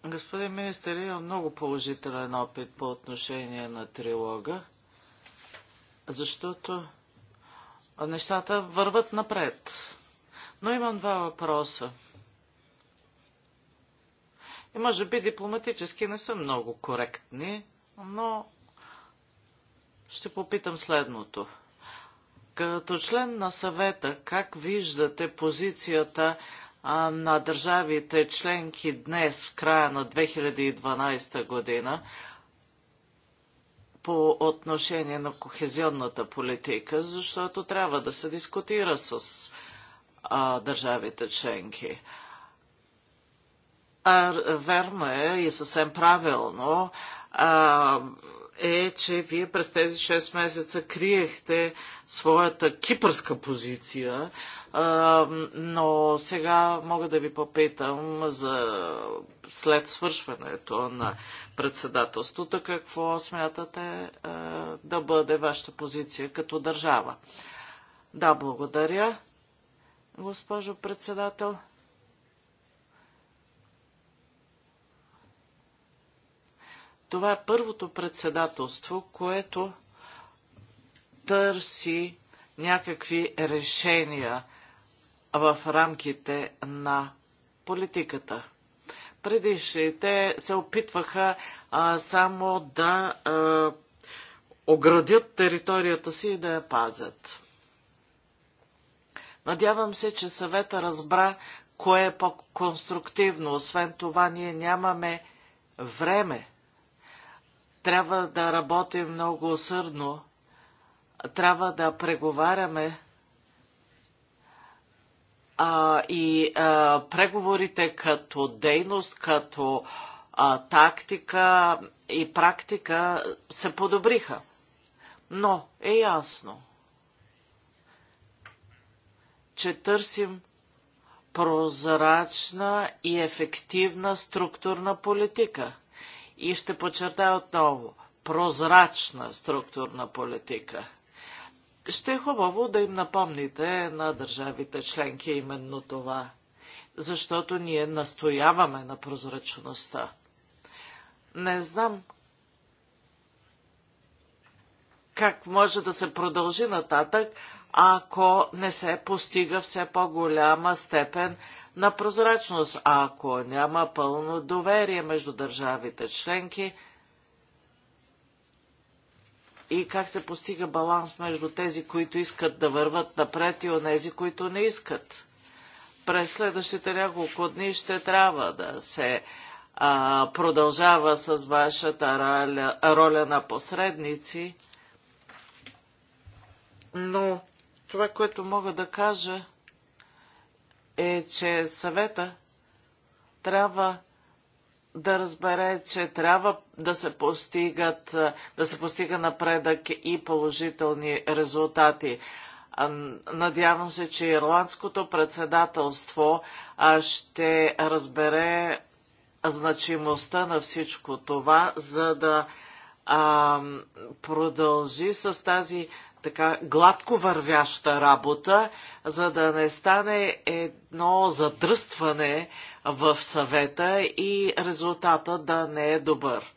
Господин министър, има много положителен опит по отношение на трилога, защото нещата върват напред. Но имам два въпроса. И може би дипломатически не са много коректни, но ще попитам следното. Като член на съвета, как виждате позицията а, на държавите членки днес, в края на 2012 година, по отношение на кохезионната политика, защото трябва да се дискутира с а, държавите членки. А, верно е и съвсем правилно а, е, че вие през тези 6 месеца криехте своята кипърска позиция, но сега мога да ви попитам за след свършването на председателството, какво смятате да бъде вашата позиция като държава. Да, благодаря, госпожо председател. Това е първото председателство, което търси някакви решения в рамките на политиката. Предишните се опитваха а, само да а, оградят територията си и да я пазят. Надявам се, че съвета разбра кое е по-конструктивно. Освен това, ние нямаме време. Трябва да работим много усърдно. Трябва да преговаряме а, и а, преговорите като дейност, като а, тактика и практика се подобриха. Но е ясно, че търсим прозрачна и ефективна структурна политика. И ще подчертая отново – прозрачна структурна политика – ще е хубаво да им напомните на държавите членки именно това, защото ние настояваме на прозрачността. Не знам как може да се продължи нататък, ако не се постига все по-голяма степен на прозрачност, ако няма пълно доверие между държавите членки – и как се постига баланс между тези, които искат да върват напред и онези, които не искат. През следващите няколко дни ще трябва да се а, продължава с вашата роля, роля на посредници, но това, което мога да кажа е, че съвета трябва да разбере, че трябва да се, постигат, да се постига напредък и положителни резултати. Надявам се, че ирландското председателство ще разбере значимостта на всичко това, за да продължи с тази така гладко вървяща работа, за да не стане едно задръстване в съвета и резултата да не е добър.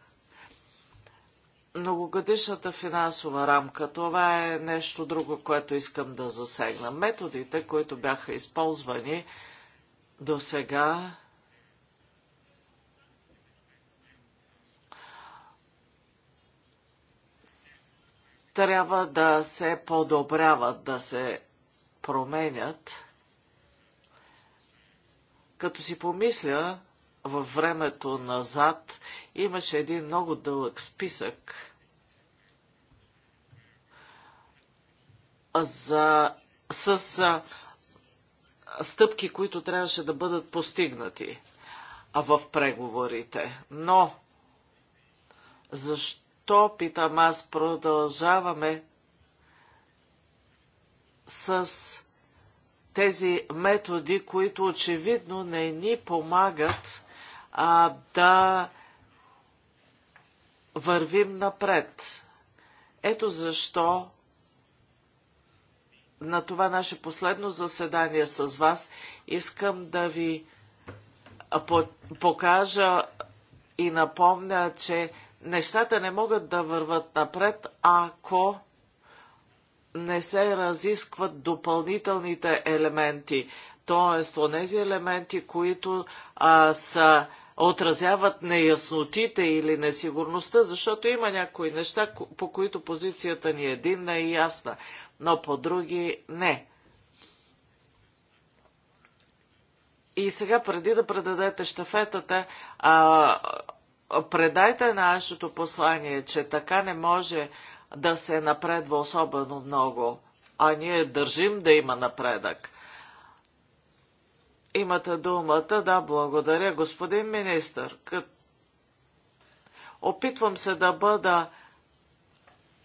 Многогодишната финансова рамка, това е нещо друго, което искам да засегна. Методите, които бяха използвани до сега, трябва да се подобряват, да се променят. Като си помисля, във времето назад имаше един много дълъг списък за, с стъпки, които трябваше да бъдат постигнати в преговорите. Но защо, питам аз, продължаваме с тези методи, които очевидно не ни помагат а, да вървим напред. Ето защо на това наше последно заседание с вас искам да ви покажа и напомня, че нещата не могат да върват напред, ако не се разискват допълнителните елементи, т.е. онези елементи, които а, са отразяват неяснотите или несигурността, защото има някои неща, по които позицията ни е единна и ясна, но по други не. И сега, преди да предадете щафетата, а, предайте нашето послание, че така не може да се напредва особено много, а ние държим да има напредък. Имате думата, да, благодаря, господин министър. Кът... Опитвам се да бъда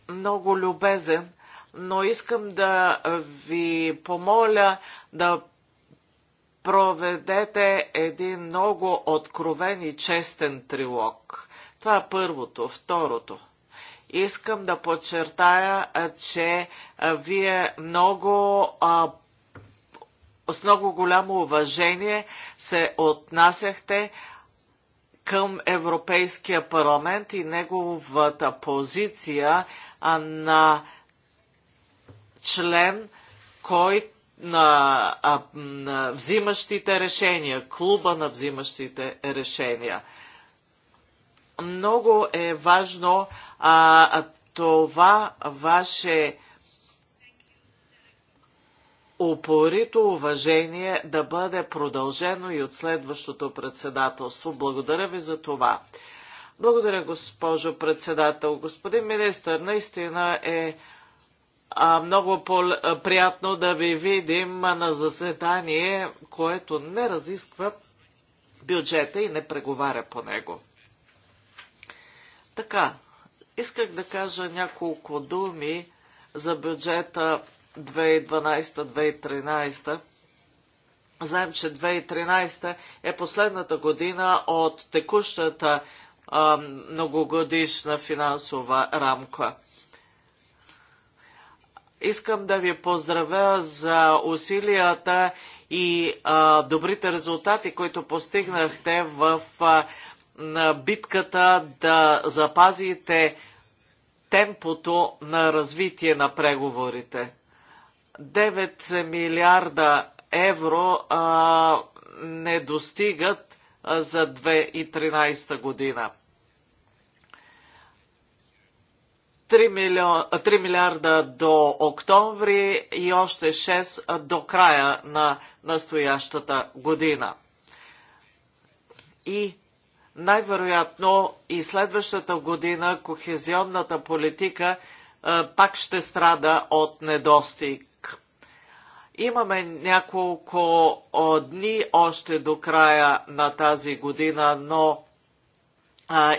много любезен, но искам да ви помоля да проведете един много откровен и честен трилог. Това е първото. Второто – искам да подчертая, че вие много с много голямо уважение се отнасяхте към Европейския парламент и неговата позиция на член, който на, а, на взимащите решения, клуба на взимащите решения. Много е важно а, това ваше упорито уважение да бъде продължено и от следващото председателство. Благодаря ви за това. Благодаря, госпожо председател. Господин министър, наистина е а, много приятно да ви видим на заседание, което не разисква бюджета и не преговаря по него. Така, Исках да кажа няколко думи за бюджета 2012-2013. Знаем, че 2013 е последната година от текущата а, многогодишна финансова рамка. Искам да ви поздравя за усилията и а, добрите резултати, които постигнахте в а, на битката да запазите темпото на развитие на преговорите. 9 милиарда евро а, не достигат а, за 2013 година. 3, милион, 3 милиарда до октомври и още 6 до края на настоящата година. И най-вероятно и следващата година кохезионната политика е, пак ще страда от недостиг. Имаме няколко дни още до края на тази година, но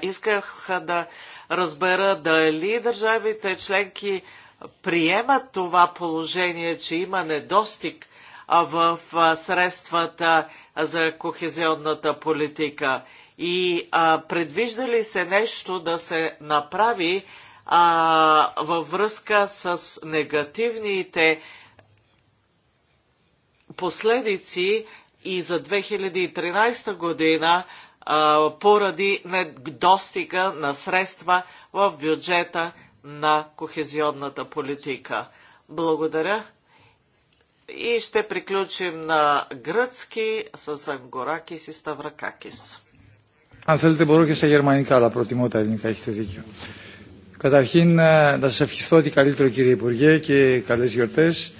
исках да разбера дали държавите членки приемат това положение, че има недостиг в средствата за кохезионната политика и а, предвижда ли се нещо да се направи а, във връзка с негативните последици и за 2013 година а, поради недостига на средства в бюджета на кохезионната политика. Благодаря. И ще приключим на гръцки с Ангоракис и Ставракакис. Αν θέλετε μπορώ και σε γερμανικά, αλλά προτιμώ τα ελληνικά, έχετε δίκιο. Καταρχήν να σας ευχηθώ ότι καλύτερο κύριε Υπουργέ και καλές γιορτές.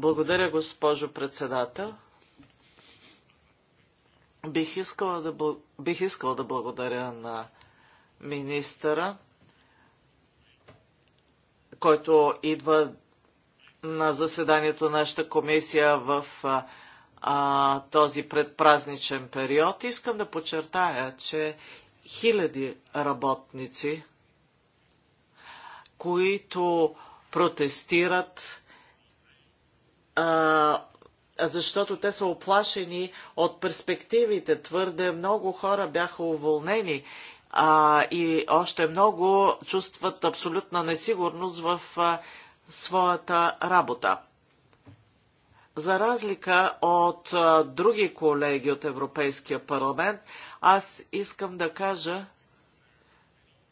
Благодаря, госпожо председател. Бих искала да, бл... бих искала да благодаря на министъра, който идва на заседанието на нашата комисия в а, този предпразничен период, искам да подчертая, че хиляди работници, които протестират, а, защото те са оплашени от перспективите. Твърде много хора бяха уволнени а, и още много чувстват абсолютна несигурност в а, своята работа. За разлика от други колеги от Европейския парламент, аз искам да кажа,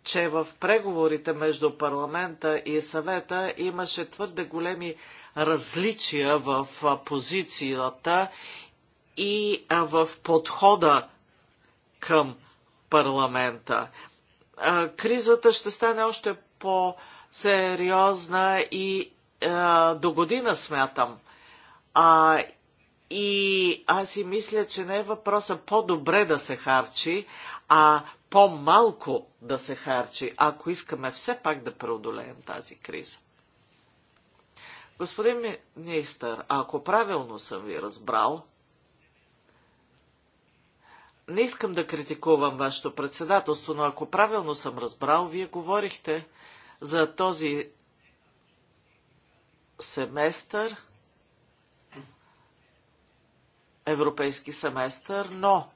че в преговорите между парламента и съвета имаше твърде големи различия в позицията и в подхода към парламента. Кризата ще стане още по-сериозна и до година смятам. А, и аз си мисля, че не е въпроса по-добре да се харчи, а по-малко да се харчи, ако искаме все пак да преодолеем тази криза. Господин министър, ако правилно съм ви разбрал, не искам да критикувам вашето председателство, но ако правилно съм разбрал, вие говорихте за този семестър – европейски семестър, но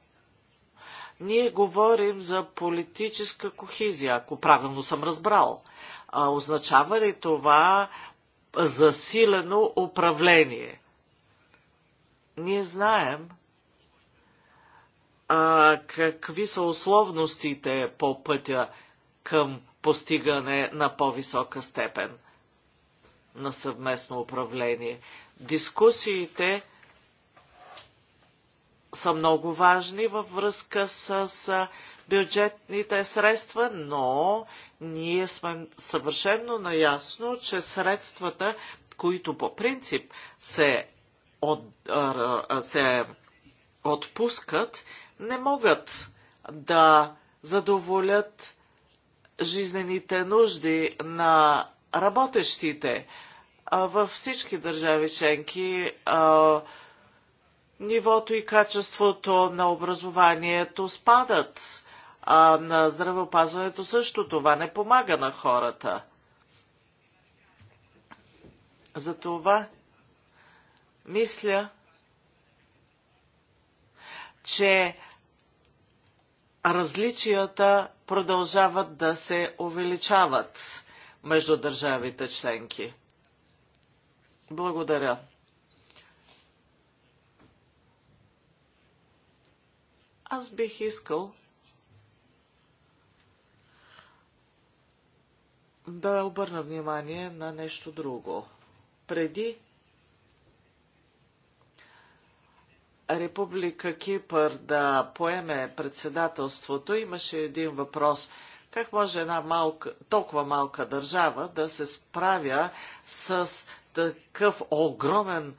ние говорим за политическа кохизия, ако правилно съм разбрал. А, означава ли това засилено управление? Ние знаем а, какви са условностите по пътя към постигане на по-висока степен на съвместно управление. Дискусиите са много важни във връзка с бюджетните средства, но ние сме съвършенно наясно, че средствата, които по принцип се, от, се отпускат, не могат да задоволят жизнените нужди на работещите във всички държави членки нивото и качеството на образованието спадат, а на здравеопазването също това не помага на хората. Затова мисля, че различията продължават да се увеличават между държавите членки. Благодаря. Аз бих искал да обърна внимание на нещо друго. Преди Република Кипър да поеме председателството, имаше един въпрос. Как може една малка, толкова малка държава да се справя с такъв огромен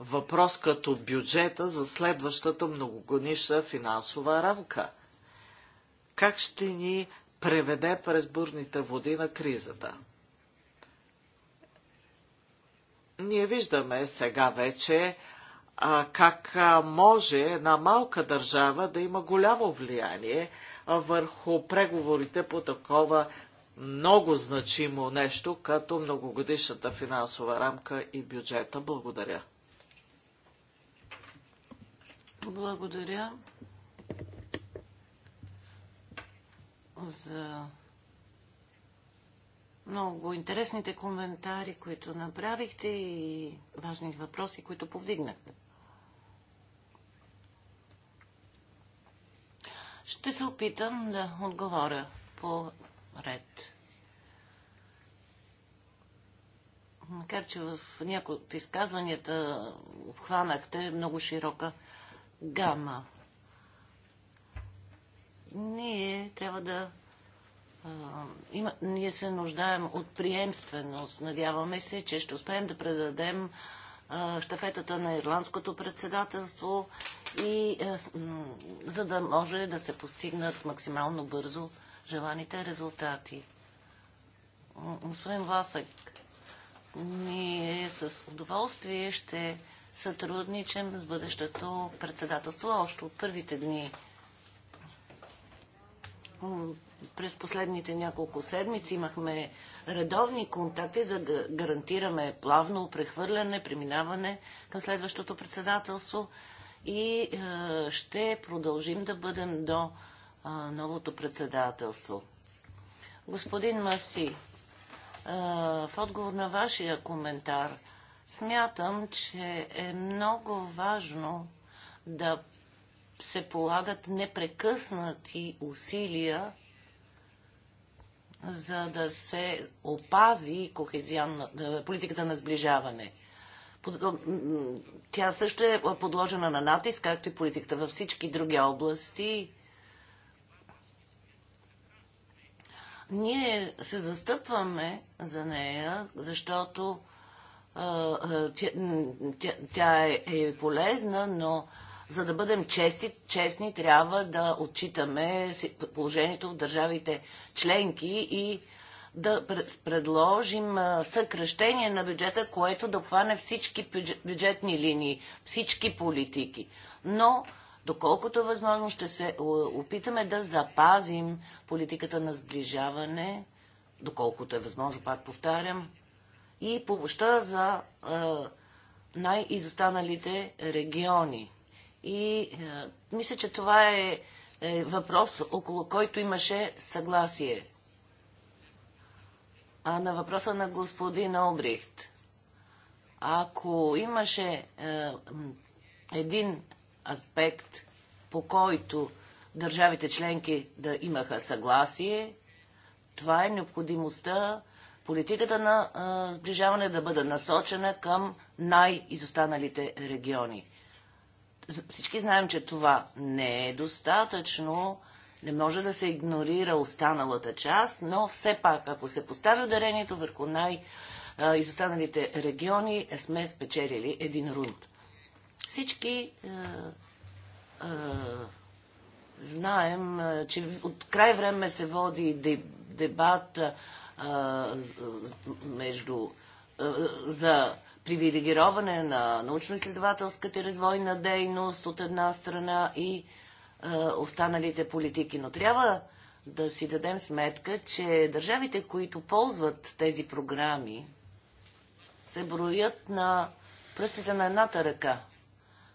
въпрос като бюджета за следващата многогодишна финансова рамка. Как ще ни преведе през бурните води на кризата? Ние виждаме сега вече а, как а, може една малка държава да има голямо влияние а, върху преговорите по такова много значимо нещо, като многогодишната финансова рамка и бюджета. Благодаря. Благодаря за много интересните коментари, които направихте и важни въпроси, които повдигнахте. Ще се опитам да отговоря по ред. Макар, че в някои от изказванията обхванахте много широка гама. Ние трябва да. има, ние се нуждаем от приемственост. Надяваме се, че ще успеем да предадем а, штафетата на ирландското председателство и а, за да може да се постигнат максимално бързо желаните резултати. Господин Власък, ние с удоволствие ще сътрудничим с бъдещето председателство още от първите дни. През последните няколко седмици имахме редовни контакти за да гарантираме плавно прехвърляне, преминаване към следващото председателство и е, ще продължим да бъдем до новото председателство. Господин Маси, е, в отговор на вашия коментар Смятам, че е много важно да се полагат непрекъснати усилия, за да се опази е, политиката на сближаване. Тя също е подложена на натиск, както и политиката във всички други области. Ние се застъпваме за нея, защото тя, тя е, е, полезна, но за да бъдем чести, честни, трябва да отчитаме положението в държавите членки и да предложим съкръщение на бюджета, което да хване всички бюджетни линии, всички политики. Но, доколкото е възможно, ще се опитаме да запазим политиката на сближаване, доколкото е възможно, пак повтарям, и помощта за най-изостаналите региони. И а, мисля, че това е, е въпрос, около който имаше съгласие. А на въпроса на господин Обрихт. Ако имаше е, един аспект, по който държавите членки да имаха съгласие, това е необходимостта политиката на а, сближаване да бъде насочена към най-изостаналите региони. Всички знаем, че това не е достатъчно, не може да се игнорира останалата част, но все пак, ако се постави ударението върху най-изостаналите региони, сме спечелили един рунд. Всички е, е, знаем, е, че от край време се води дебат а, между а, за привилегироване на научно-изследователската и развойна дейност от една страна и а, останалите политики. Но трябва да си дадем сметка, че държавите, които ползват тези програми, се броят на пръстите на едната ръка.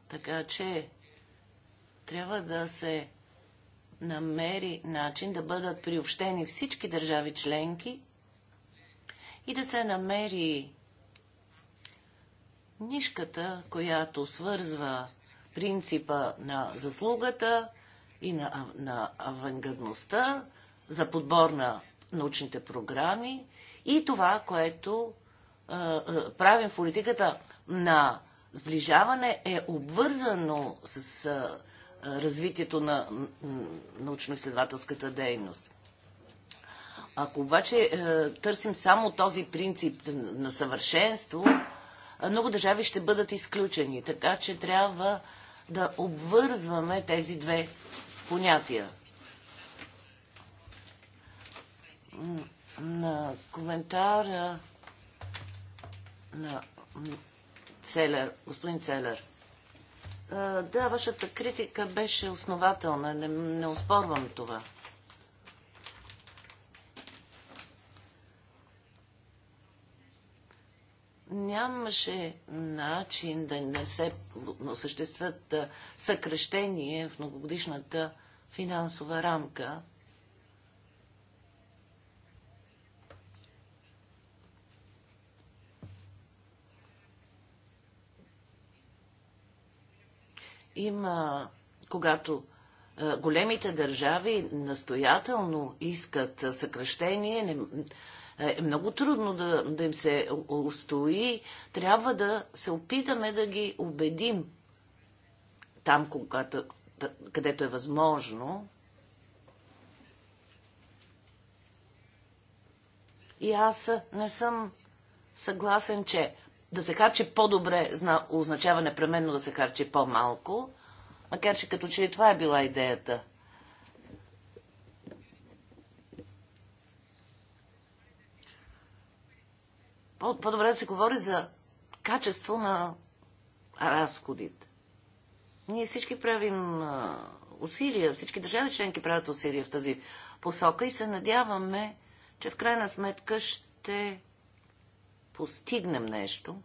Така че трябва да се намери начин да бъдат приобщени всички държави членки и да се намери нишката, която свързва принципа на заслугата и на, на авангардността за подбор на научните програми и това, което е, правим в политиката на сближаване е обвързано с е, развитието на научно-изследователската дейност. Ако обаче е, търсим само този принцип на съвършенство, е, много държави ще бъдат изключени. Така че трябва да обвързваме тези две понятия. На коментара на Целер, господин Целер. Е, да, вашата критика беше основателна. Не, не успорвам това. нямаше начин да не се осъществят съкрещение в многогодишната финансова рамка. Има, когато големите държави настоятелно искат съкръщение, не, е, е много трудно да, да им се устои. Трябва да се опитаме да ги убедим там, когато, където е възможно. И аз не съм съгласен, че да се харчи по-добре означава непременно да се харчи по-малко, макар че като че и това е била идеята – по-добре да се говори за качество на разходите. Ние всички правим усилия, всички държави членки правят усилия в тази посока и се надяваме, че в крайна сметка ще постигнем нещо.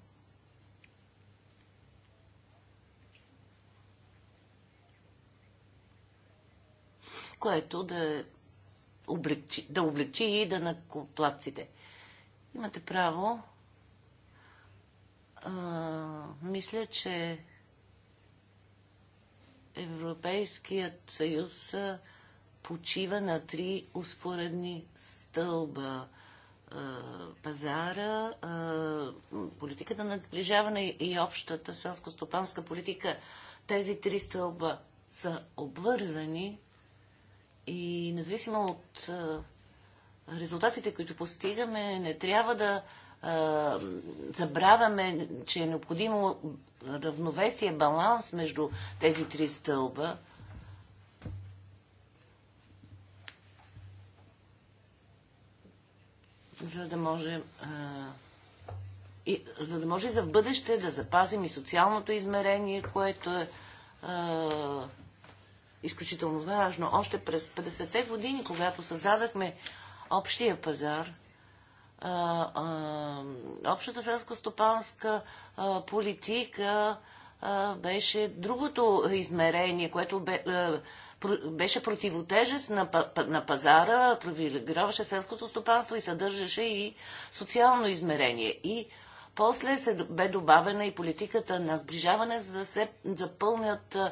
което да облегчи, да облегчи и да накоплаците. Имате право. А, мисля, че Европейският съюз почива на три успоредни стълба. Пазара, политиката на сближаване и общата селско-стопанска политика. Тези три стълба са обвързани и независимо от резултатите, които постигаме, не трябва да а, забравяме, че е необходимо равновесие, баланс между тези три стълба. За да може. А, и, за да може за в бъдеще да запазим и социалното измерение, което е а, изключително важно. Още през 50-те години, когато създадахме общия пазар, общата селско-стопанска политика беше другото измерение, което бе, беше противотежест на, на пазара, привилегироваше селското стопанство и съдържаше и социално измерение. И после се бе добавена и политиката на сближаване, за да се запълнят а,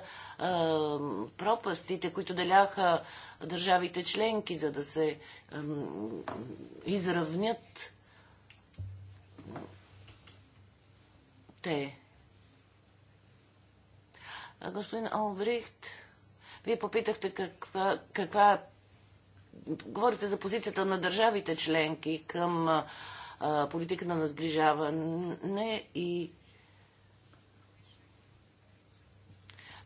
пропастите, които деляха държавите членки, за да се изравнят те. Господин Олбрихт, вие попитахте каква, каква говорите за позицията на държавите членки към а, политиката на сближаване и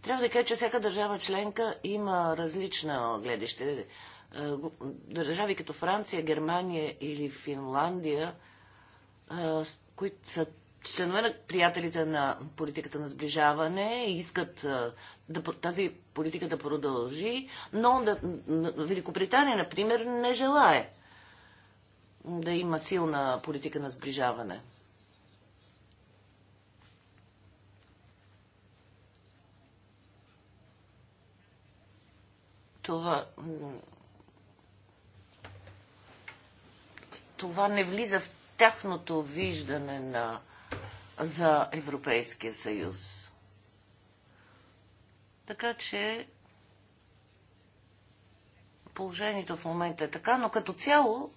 Трябва да кажа, че всяка държава членка има различна гледаще. Е, държави като Франция, Германия или Финландия, е, които са членове на приятелите на политиката на сближаване искат е, да, тази политика да продължи, но да, Великобритания, например, не желае да има силна политика на сближаване. Това, това не влиза в тяхното виждане на, за Европейския съюз. Така че положението в момента е така, но като цяло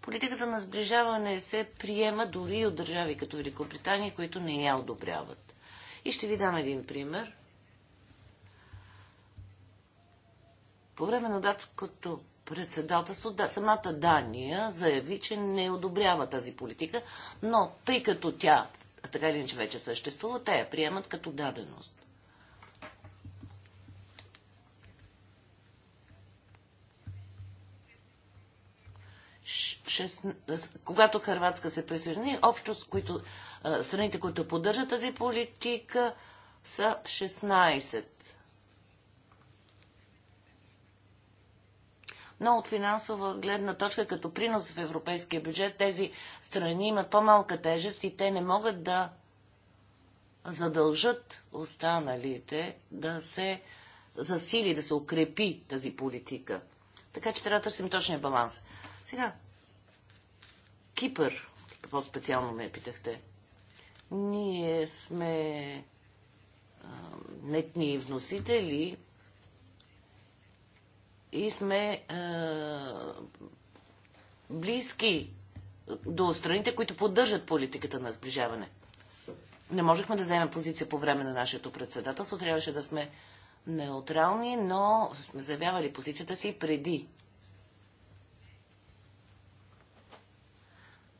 политиката на сближаване се приема дори от държави като Великобритания, които не я одобряват. И ще ви дам един пример. По време на датското председателство да, самата Дания заяви, че не одобрява тази политика, но тъй като тя така или иначе вече съществува, те я приемат като даденост. Шест... Когато Харватска се присъедини, общо които, страните, които поддържат тази политика, са 16. но от финансова гледна точка, като принос в европейския бюджет, тези страни имат по-малка тежест и те не могат да задължат останалите да се засили, да се укрепи тази политика. Така че трябва да търсим точния баланс. Сега, Кипър, по-специално ме питахте. Ние сме а, нетни вносители и сме а, близки до страните, които поддържат политиката на сближаване. Не можехме да вземем позиция по време на нашето председателство, трябваше да сме неутрални, но сме заявявали позицията си преди.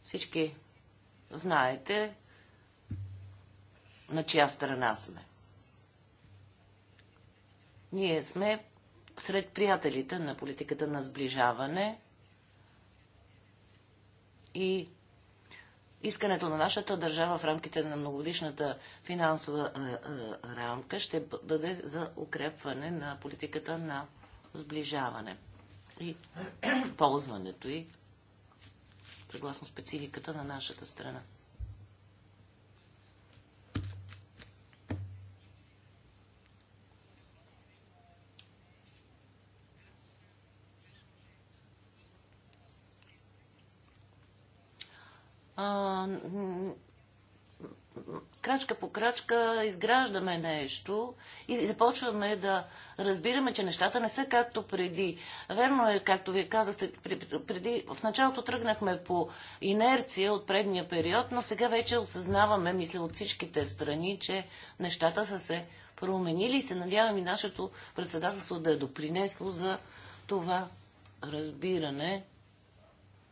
Всички знаете на чия страна сме. Ние сме сред приятелите на политиката на сближаване и искането на нашата държава в рамките на многодишната финансова е, е, рамка ще бъде за укрепване на политиката на сближаване и ползването и съгласно спецификата на нашата страна. а, крачка по крачка изграждаме нещо и започваме да разбираме, че нещата не са както преди. Верно е, както вие казахте, преди, в началото тръгнахме по инерция от предния период, но сега вече осъзнаваме, мисля, от всичките страни, че нещата са се променили и се надявам и нашето председателство да е допринесло за това разбиране.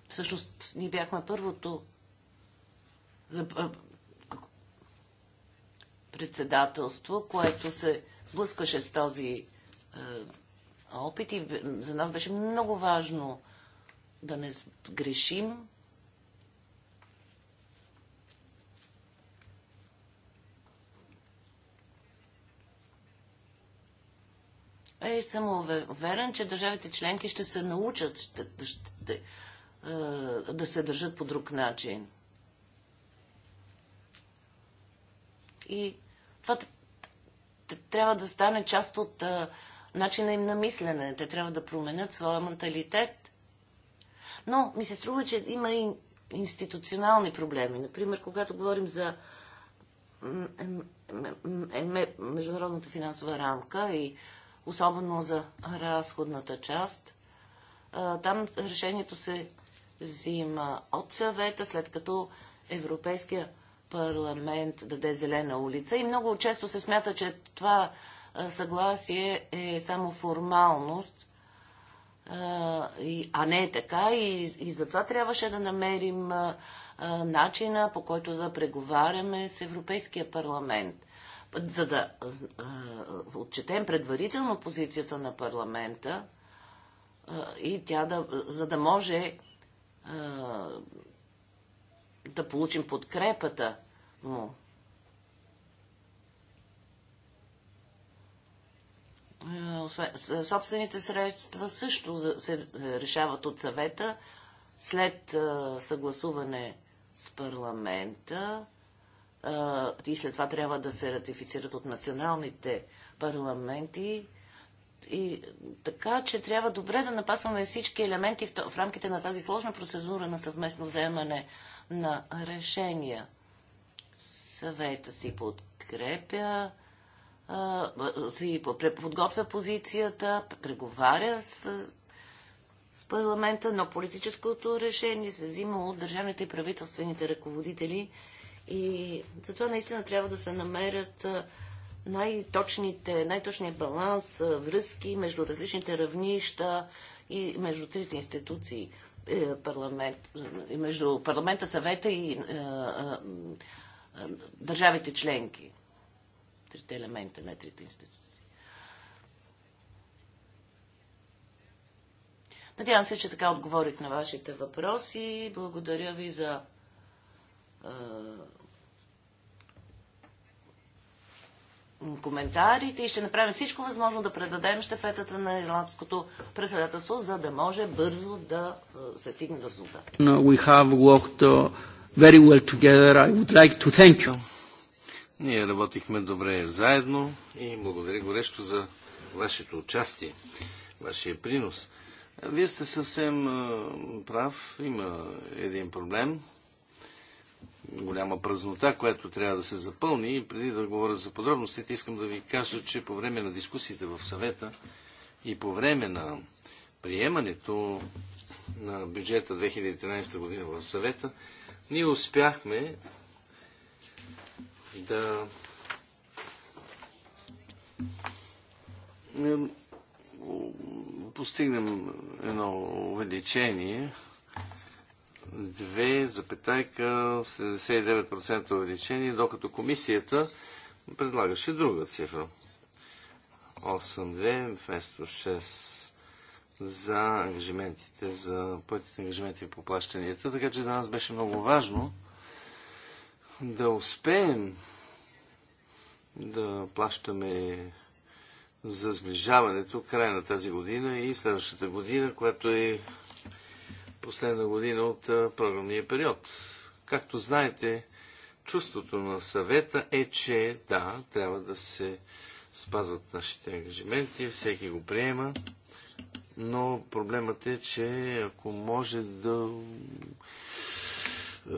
Всъщност, ние бяхме първото за председателство, което се сблъскаше с този опит и за нас беше много важно да не грешим. Е, съм уверен, че държавите членки ще се научат ще, ще, да, да се държат по друг начин. И това трябва да стане част от а, начина им на мислене. Те трябва да променят своя менталитет. Но ми се струва, че има и институционални проблеми. Например, когато говорим за е, международната финансова рамка и особено за разходната част, там решението се взима от съвета, след като Европейския парламент даде зелена улица и много често се смята, че това съгласие е само формалност, а не е така и, и затова трябваше да намерим начина по който да преговаряме с Европейския парламент. За да отчетем предварително позицията на парламента и тя да, за да може да получим подкрепата му. Е, собствените средства също се е, решават от съвета след е, съгласуване с парламента и след това трябва да се ратифицират от националните парламенти. И така, че трябва добре да напасваме всички елементи в, в рамките на тази сложна процедура на съвместно вземане на решения. Съвета си подкрепя, а, си подготвя позицията, преговаря с, с парламента, но политическото решение се взима от държавните и правителствените ръководители. И затова наистина трябва да се намерят най-точните, най-точният баланс, връзки между различните равнища и между трите институции е, парламент, е, между парламента, съвета и е, държавите членки. Трите елемента на трите институции. Надявам се, че така отговорих на вашите въпроси. Благодаря ви за коментарите и ще направим всичко възможно да предадем щафетата на ирландското председателство, за да може бързо да е, се стигне до резултат. Uh, uh, like to Ние работихме добре заедно и благодаря горещо за вашето участие, вашия принос. Вие сте съвсем е, прав, има един проблем, голяма празнота, която трябва да се запълни. И преди да говоря за подробностите, искам да ви кажа, че по време на дискусиите в съвета и по време на приемането на бюджета 2013 година в съвета, ние успяхме да постигнем едно увеличение 2,79% увеличение, докато комисията предлагаше друга цифра. 8,2 вместо 6 за ангажиментите, за поетите ангажименти по плащанията. Така че за нас беше много важно да успеем да плащаме за сближаването края на тази година и следващата година, която е последна година от програмния период. Както знаете, чувството на съвета е, че да, трябва да се спазват нашите ангажименти, всеки го приема, но проблемът е, че ако може да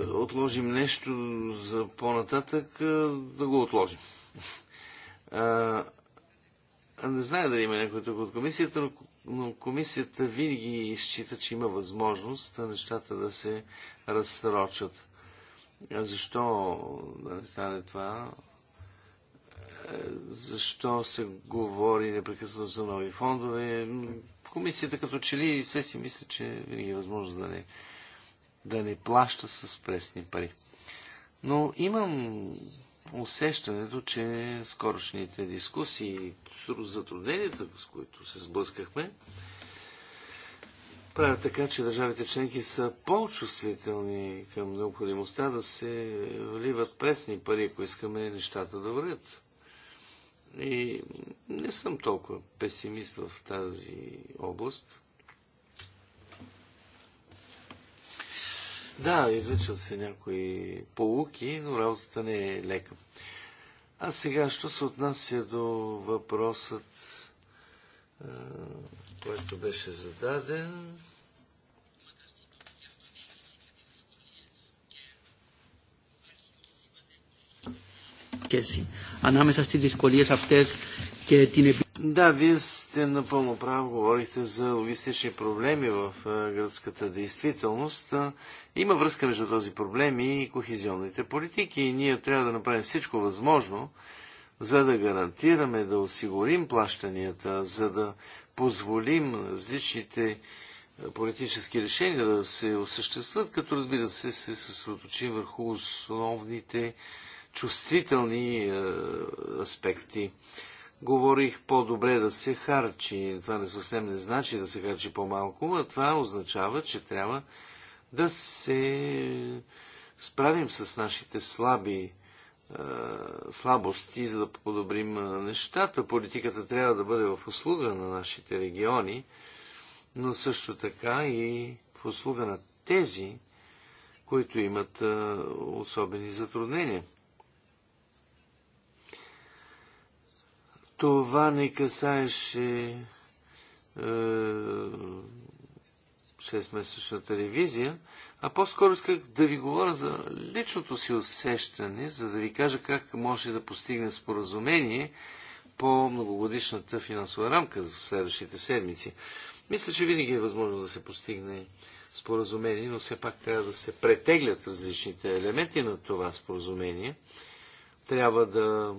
отложим нещо за по-нататък, да го отложим. А, не знае дали има някой тук от комисията, но но комисията винаги изчита, че има възможност нещата да се разсрочат. Защо да не стане това? Е, защо се говори непрекъснато за нови фондове? Комисията като че ли се си мисля, че винаги е възможност да не, да не плаща с пресни пари. Но имам усещането, че скорочните дискусии затрудненията, с които се сблъскахме, правят така, че държавите членки са по-чувствителни към необходимостта да се вливат пресни пари, ако искаме нещата да вървят. И не съм толкова песимист в тази област. Да, изличат се някои полуки, но работата не е лека. А сега, що се отнася до въпросът, е, който беше зададен, σχέση ανάμεσα στις δυσκολίες αυτές да, вие сте напълно прав, говорихте за логистични проблеми в гръцката действителност. Има връзка между този проблем и кохезионните политики и ние трябва да направим всичко възможно, за да гарантираме, да осигурим плащанията, за да позволим различните политически решения да се осъществят, като разбира се се съсредоточим върху основните чувствителни аспекти говорих по-добре да се харчи. Това не съвсем не значи да се харчи по-малко, а това означава, че трябва да се справим с нашите слаби е, слабости, за да подобрим е, нещата. Политиката трябва да бъде в услуга на нашите региони, но също така и в услуга на тези, които имат е, особени затруднения. Това не касаеше е, 6-месечната ревизия, а по-скоро исках да ви говоря за личното си усещане, за да ви кажа как може да постигне споразумение по многогодишната финансова рамка в следващите седмици. Мисля, че винаги е възможно да се постигне споразумение, но все пак трябва да се претеглят различните елементи на това споразумение. Трябва да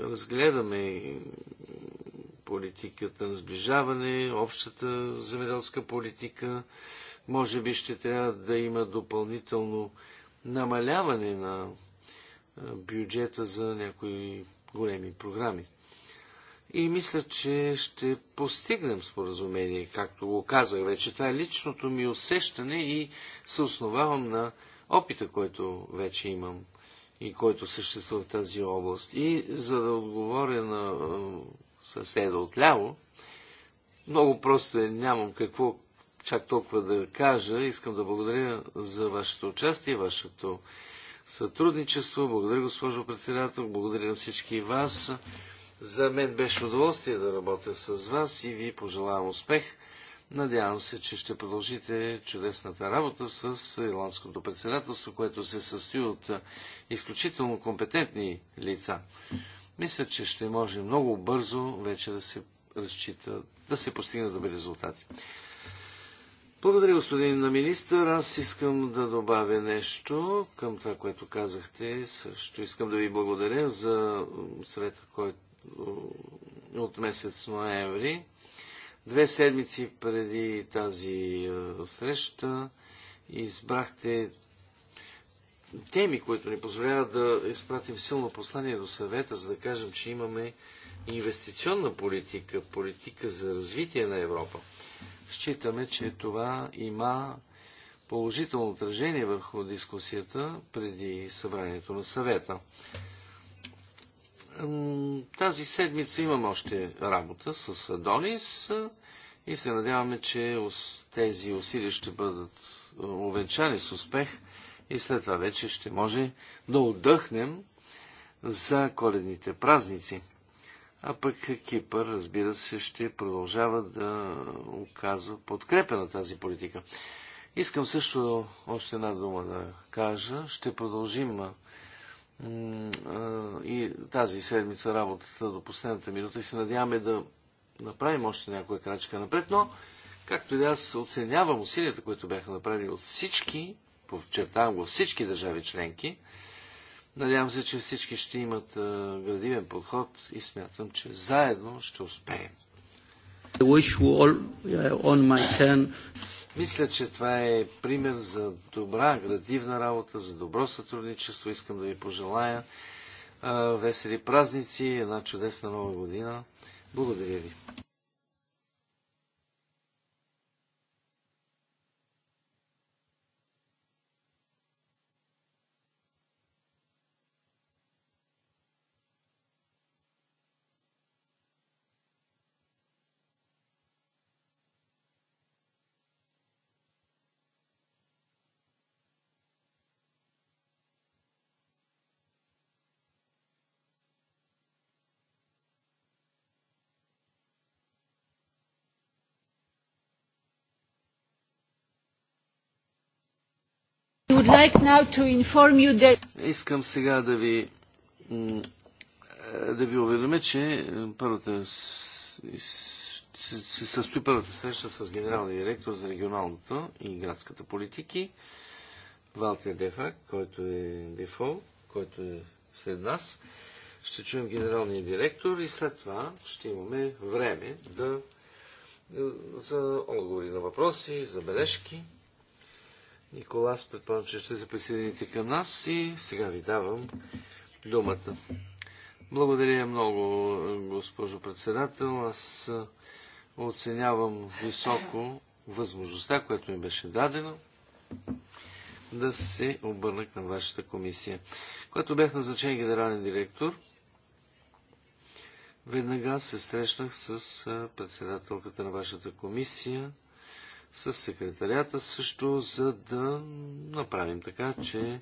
разгледаме политиката на сближаване, общата земеделска политика. Може би ще трябва да има допълнително намаляване на бюджета за някои големи програми. И мисля, че ще постигнем споразумение, както го казах вече. Това е личното ми усещане и се основавам на опита, който вече имам и който съществува в тази област. И за да отговоря на съседа отляво, много просто е, нямам какво чак толкова да кажа. Искам да благодаря за вашето участие, вашето сътрудничество. Благодаря, госпожо председател. Благодаря на всички вас. За мен беше удоволствие да работя с вас и ви пожелавам успех Надявам се, че ще продължите чудесната работа с Ирландското председателство, което се състои от изключително компетентни лица. Мисля, че ще може много бързо вече да се разчита, да се постигнат добри резултати. Благодаря, господин на министър. Аз искам да добавя нещо към това, което казахте. Също искам да ви благодаря за съвета, който от месец ноември Две седмици преди тази е, среща избрахте теми, които ни позволяват да изпратим силно послание до съвета, за да кажем, че имаме инвестиционна политика, политика за развитие на Европа. Считаме, че това има положително отражение върху дискусията преди събранието на съвета. Тази седмица имам още работа с Адонис и се надяваме, че тези усилия ще бъдат увенчани с успех и след това вече ще може да отдъхнем за коледните празници. А пък Кипър, разбира се, ще продължава да оказва подкрепа на тази политика. Искам също още една дума да кажа. Ще продължим и тази седмица работата до последната минута и се надяваме да направим още някоя крачка напред, но както и да аз оценявам усилията, които бяха направени от всички, подчертавам го, всички държави членки, надявам се, че всички ще имат градивен подход и смятам, че заедно ще успеем. Uh, мисля, че това е пример за добра градивна работа, за добро сътрудничество. Искам да ви пожелая весели празници, една чудесна нова година. Благодаря ви. like that... Искам сега да ви е, да ви уведомя, че е, първата се състои първата среща с генералния директор за регионалната и градската политики Валтер Дефак, който е БИФО, който е сред нас. Ще чуем генералния директор и след това ще имаме време да е, за отговори на въпроси, за бележки. Николас, предполагам, че ще се присъедините към нас и сега ви давам думата. Благодаря много, госпожо председател. Аз оценявам високо възможността, която ми беше дадено, да се обърна към вашата комисия. Когато бях назначен генерален директор, веднага се срещнах с председателката на вашата комисия, с секретарията също, за да направим така, че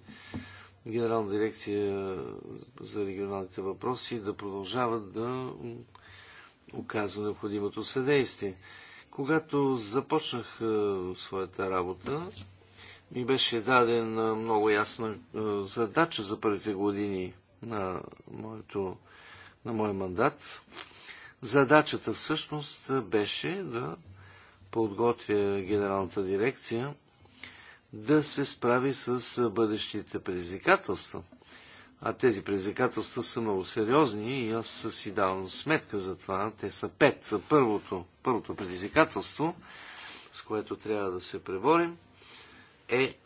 Генерална дирекция за регионалните въпроси да продължават да оказва необходимото съдействие. Когато започнах е, своята работа, ми беше дадена много ясна е, задача за първите години на, моето, на моя мандат. Задачата всъщност беше да подготвя генералната дирекция да се справи с бъдещите предизвикателства. А тези предизвикателства са много сериозни и аз си давам сметка за това. Те са пет. Първото, първото предизвикателство, с което трябва да се преборим, е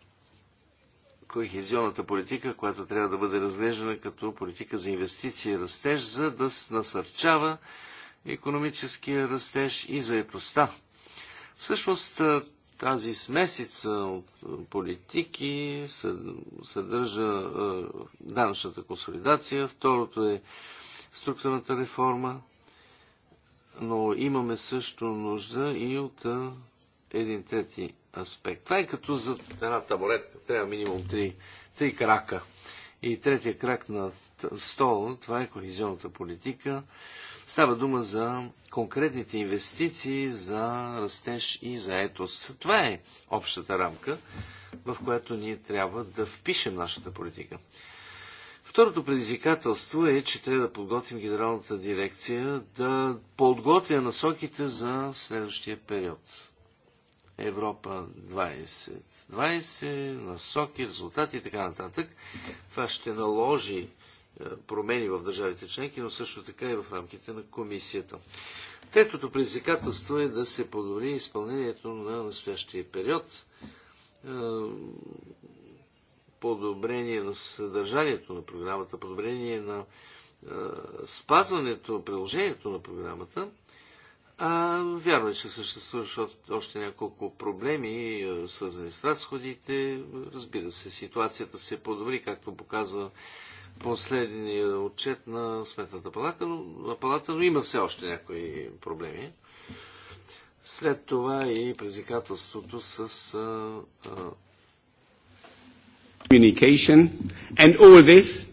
кохезионната политика, която трябва да бъде разглеждана като политика за инвестиции и растеж, за да насърчава економическия растеж и заетостта. Всъщност тази смесица от политики съдържа данъчната консолидация, второто е структурната реформа, но имаме също нужда и от един трети аспект. Това е като за една табуретка. Трябва минимум три, три крака. И третия крак на стола, това е кохезионната политика – Става дума за конкретните инвестиции за растеж и заетост. Това е общата рамка, в която ние трябва да впишем нашата политика. Второто предизвикателство е, че трябва да подготвим генералната дирекция да подготвя насоките за следващия период. Европа 2020, 20, насоки, резултати и така нататък. Това ще наложи е, промени в държавите членки, но също така и в рамките на комисията. Третото предизвикателство е да се подобри изпълнението на настоящия период, е, подобрение на съдържанието на програмата, подобрение на е, спазването, приложението на програмата. А, вярно е, че съществуват още няколко проблеми, свързани с разходите. Разбира се, ситуацията се подобри, както показва последния отчет на Сметната палата, но, на палата, но има все още някои проблеми. След това и предизвикателството с а, а, and all this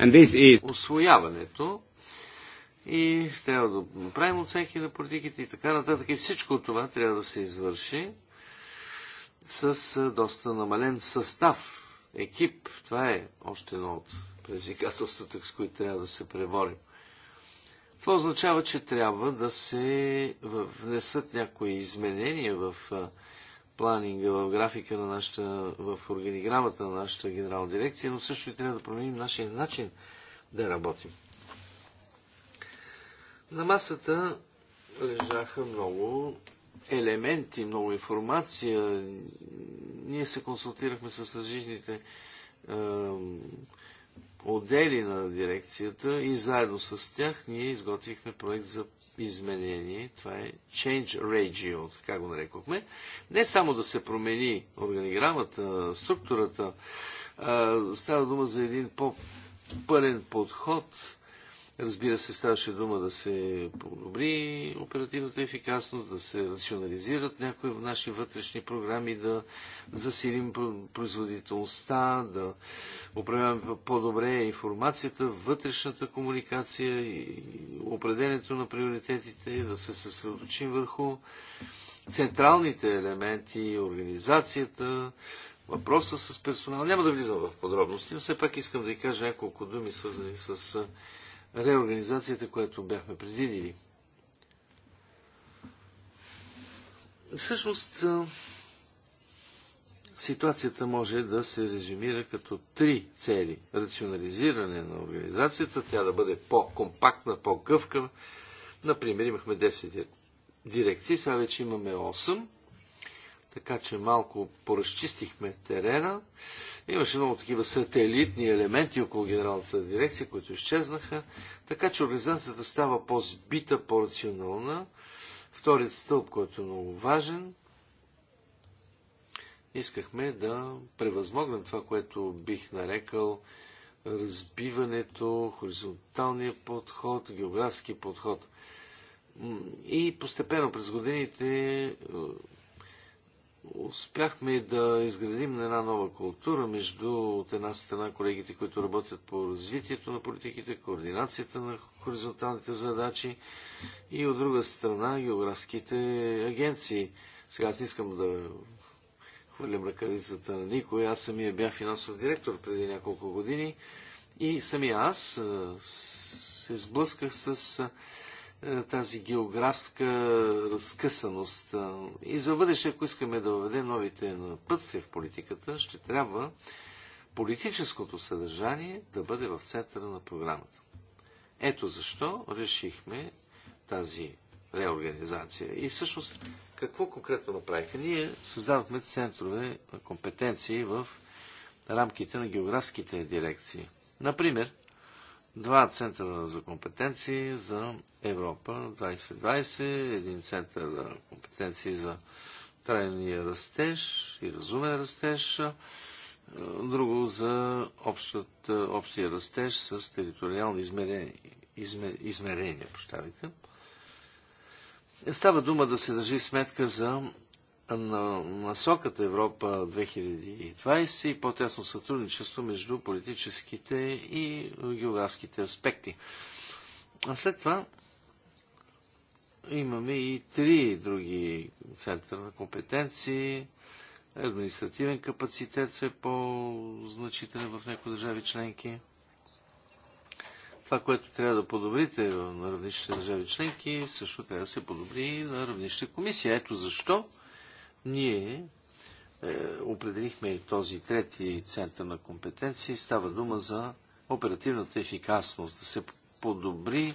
and this is освояването и трябва да направим оценки на политиките и така нататък. И всичко това трябва да се извърши с доста намален състав, екип. Това е още едно от предизвикателствата, с които трябва да се преборим. Това означава, че трябва да се внесат някои изменения в планинга, в графика на нашата, в органиграмата на нашата генерална дирекция, но също и трябва да променим нашия начин да работим. На масата лежаха много елементи, много информация. Ние се консултирахме с различните е, отдели на дирекцията и заедно с тях ние изготвихме проект за изменение. Това е Change Regio, така го нарекохме. Не само да се промени органиграмата, структурата, а, става дума за един по-пълен подход Разбира се, ставаше дума да се подобри оперативната ефикасност, да се рационализират някои в наши вътрешни програми, да засилим производителността, да управляваме по-добре информацията, вътрешната комуникация и определенето на приоритетите, да се съсредоточим върху централните елементи, организацията, въпроса с персонал. Няма да влизам в подробности, но все пак искам да ви кажа няколко думи, свързани с реорганизацията, която бяхме предвидили. Всъщност, ситуацията може да се резюмира като три цели. Рационализиране на организацията, тя да бъде по-компактна, по-гъвкава. Например, имахме 10 дирекции, сега вече имаме 8 така че малко поразчистихме терена. Имаше много такива сателитни елементи около генералната дирекция, които изчезнаха, така че организацията става по-збита, по-рационална. Вторият стълб, който е много важен, искахме да превъзмогнем това, което бих нарекал разбиването, хоризонталния подход, географски подход. И постепенно през годините успяхме да изградим една нова култура между от една страна колегите, които работят по развитието на политиките, координацията на хоризонталните задачи и от друга страна географските агенции. Сега аз искам да хвърлям ръкавицата на никой. Аз самия бях финансов директор преди няколко години и самия аз се сблъсках с е, тази географска разкъсаност. Е, и за бъдеще, ако искаме да въведем новите пътствия в политиката, ще трябва политическото съдържание да бъде в центъра на програмата. Ето защо решихме тази реорганизация. И всъщност, какво конкретно направихме? Ние създавахме центрове на компетенции в рамките на географските дирекции. Например, Два центъра за компетенции за Европа 2020, един център за компетенции за трайния растеж и разумен растеж, друго за общът, общия растеж с териториални измерения. измерения Става дума да се държи сметка за на насоката Европа 2020 и по-тясно сътрудничество между политическите и географските аспекти. А след това имаме и три други центъра на компетенции. Административен капацитет се е по-значителен в някои държави членки. Това, което трябва да подобрите на равнище държави членки, също трябва да се подобри и на равнище комисия. Ето защо ние е, определихме този трети център на компетенции. Става дума за оперативната ефикасност, да се подобри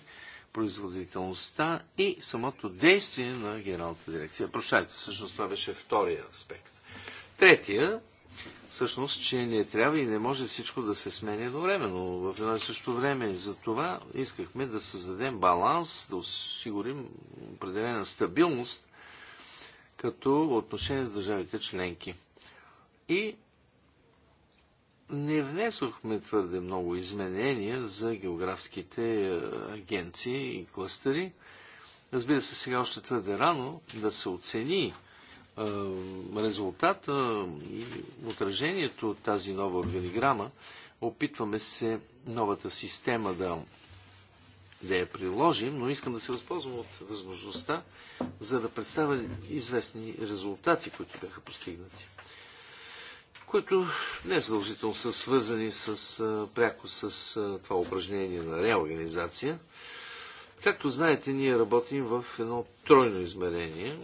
производителността и самото действие на генералната дирекция. Прощайте, всъщност това беше втория аспект. Третия, всъщност, че не трябва и не може всичко да се сменя едновременно. В едно и също време за това искахме да създадем баланс, да осигурим определена стабилност като отношение с държавите членки. И не внесохме твърде много изменения за географските е, агенции и кластери. Разбира се, сега още твърде рано да се оцени е, резултата и отражението от тази нова велиграма. Опитваме се новата система да да я приложим, но искам да се възползвам от възможността, за да представя известни резултати, които бяха постигнати които не задължително са свързани с, пряко с това упражнение на реорганизация. Както знаете, ние работим в едно тройно измерение.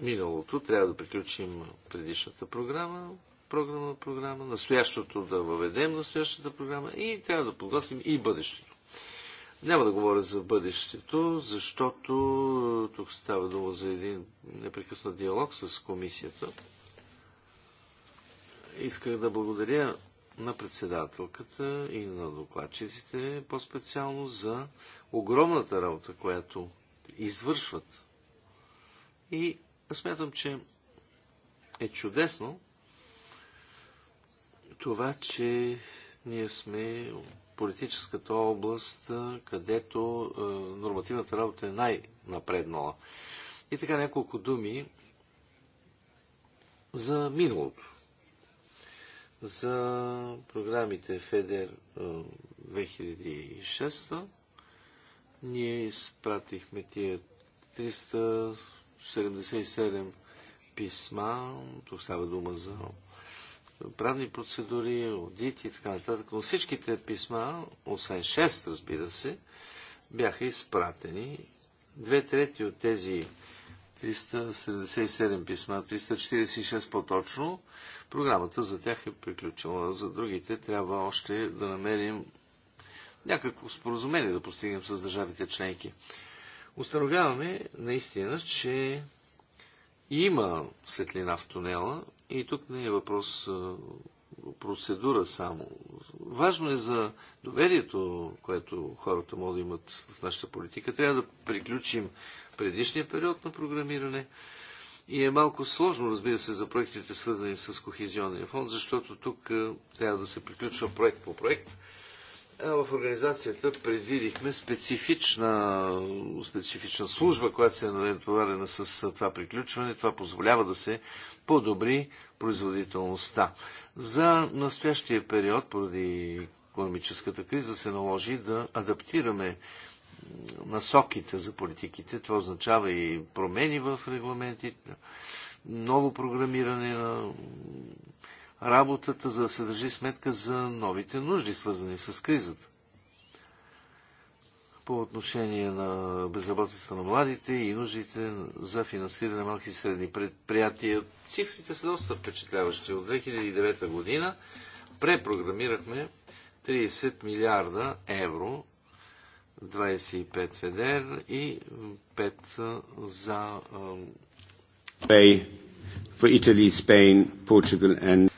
Миналото трябва да приключим предишната програма, програмна програма, настоящото да въведем настоящата програма и трябва да подготвим и бъдещето. Няма да говоря за бъдещето, защото е, тук става дума за един непрекъснат диалог с комисията. Исках да благодаря на председателката и на докладчиците по-специално за огромната работа, която извършват. И смятам, че е чудесно това, че ние сме политическата област, където нормативната работа е най-напреднала. И така няколко думи за миналото. За програмите ФЕДЕР 2006 ние изпратихме тия 377 писма. Тук става дума за правни процедури, аудити и така нататък. Но всичките писма, освен 6, разбира се, бяха изпратени. Две трети от тези 377 писма, 346 по-точно, програмата за тях е приключила. За другите трябва още да намерим някакво споразумение да постигнем с държавите членки. Установяваме наистина, че има светлина в тунела, и тук не е въпрос процедура само. Важно е за доверието, което хората могат да имат в нашата политика. Трябва да приключим предишния период на програмиране. И е малко сложно, разбира се, за проектите, свързани с Кохезионния фонд, защото тук трябва да се приключва проект по проект в организацията предвидихме специфична, специфична служба, която се е натоварена с това приключване. Това позволява да се подобри производителността. За настоящия период, поради економическата криза, се наложи да адаптираме насоките за политиките. Това означава и промени в регламентите, ново програмиране на работата, за да се държи сметка за новите нужди, свързани с кризата. По отношение на безработицата на младите и нуждите за финансиране на малки и средни предприятия, цифрите са доста впечатляващи. От 2009 година препрограмирахме 30 милиарда евро 25 ФДР и 5 за Italy, Spain, and...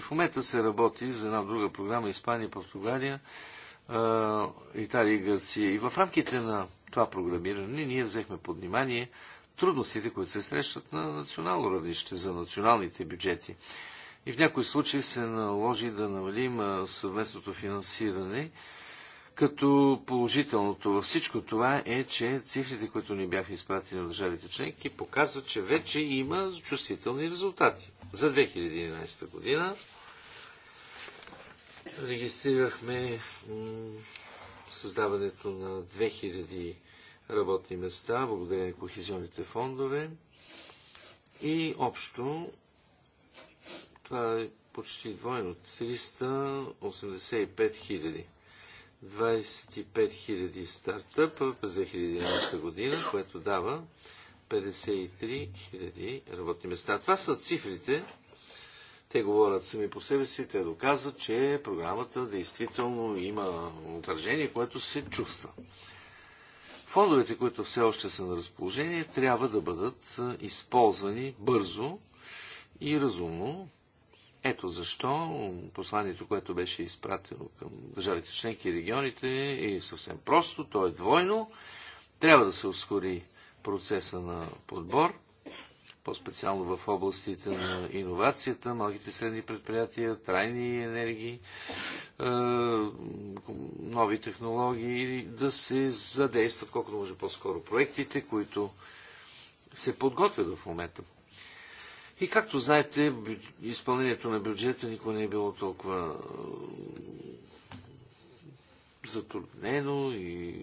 В момента се работи за една друга програма Испания, Португалия, Италия и Гърция. И в рамките на това програмиране ние взехме под внимание трудностите, които се срещат на национално равнище за националните бюджети. И в някои случаи се наложи да намалим съвместното финансиране, като положителното във всичко това е, че цифрите, които ни бяха изпратени от държавите членки, показват, че вече има чувствителни резултати. За 2011 година регистрирахме създаването на 2000 работни места, благодарение на кохезионните фондове. И общо това е почти двойно 385 хиляди. 25 000 стартъпа през 2011 година, което дава 53 000 работни места. Това са цифрите. Те говорят сами по себе си, те доказват, че програмата действително има отражение, което се чувства. Фондовете, които все още са на разположение, трябва да бъдат използвани бързо и разумно, ето защо посланието, което беше изпратено към държавите членки и регионите е съвсем просто, то е двойно. Трябва да се ускори процеса на подбор, по-специално в областите на иновацията, малките и средни предприятия, трайни енергии, е, нови технологии, да се задействат колкото може по-скоро проектите, които се подготвят в момента. И както знаете, изпълнението на бюджета никога не е било толкова затруднено и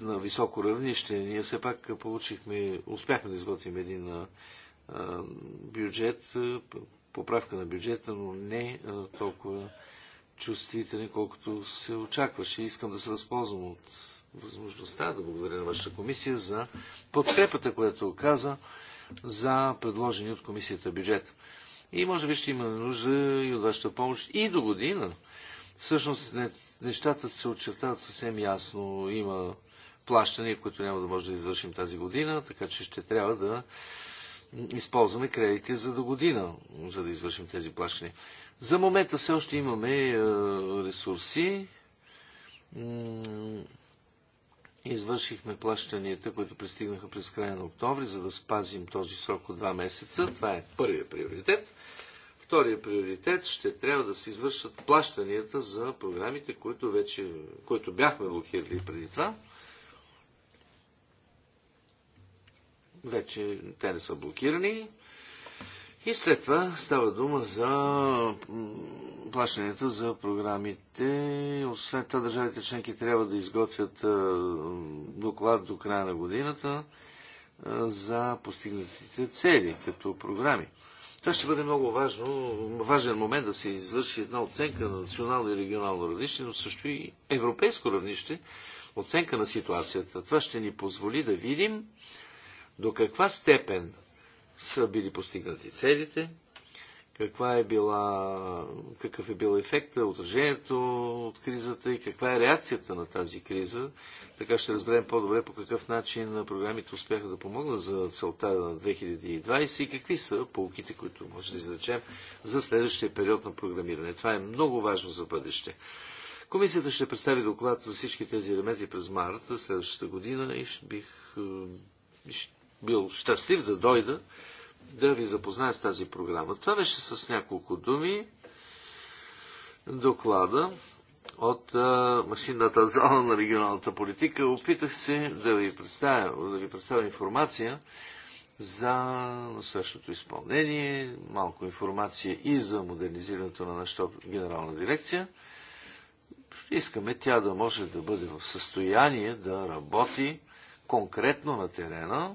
на високо равнище. Ние все пак получихме, успяхме да изготвим един бюджет, поправка на бюджета, но не толкова чувствителен, колкото се очакваше. Искам да се възползвам от възможността да благодаря на вашата комисия за подкрепата, която оказа за предложени от комисията бюджет. И може би ще има нужда и от вашата помощ и до година. Всъщност нещата се очертават съвсем ясно. Има плащания, които няма да може да извършим тази година, така че ще трябва да използваме кредити за до година, за да извършим тези плащания. За момента все още имаме е, ресурси. Извършихме плащанията, които пристигнаха през края на октомври, за да спазим този срок от два месеца. Това е първият приоритет. Втория приоритет ще трябва да се извършат плащанията за програмите, които, вече, които бяхме блокирали преди това. Вече те не са блокирани. И след това става дума за плащанията за програмите. Освен това, държавите членки трябва да изготвят доклад до края на годината за постигнатите цели като програми. Това ще бъде много важно, важен момент да се извърши една оценка на национално и регионално равнище, но също и европейско равнище, оценка на ситуацията. Това ще ни позволи да видим до каква степен са били постигнати целите, каква е била, какъв е бил ефекта, отражението от кризата и каква е реакцията на тази криза. Така ще разберем по-добре по какъв начин програмите успяха да помогнат за целта на 2020 и какви са полуките, които може да изречем за следващия период на програмиране. Това е много важно за бъдеще. Комисията ще представи доклад за всички тези елементи през март следващата година и ще бих е, ще бил щастлив да дойда да ви запозная с тази програма. Това беше с няколко думи доклада от а, машинната зала на регионалната политика. Опитах се да ви представя, да ви представя информация за същото изпълнение, малко информация и за модернизирането на нашата генерална дирекция. Искаме тя да може да бъде в състояние да работи конкретно на терена,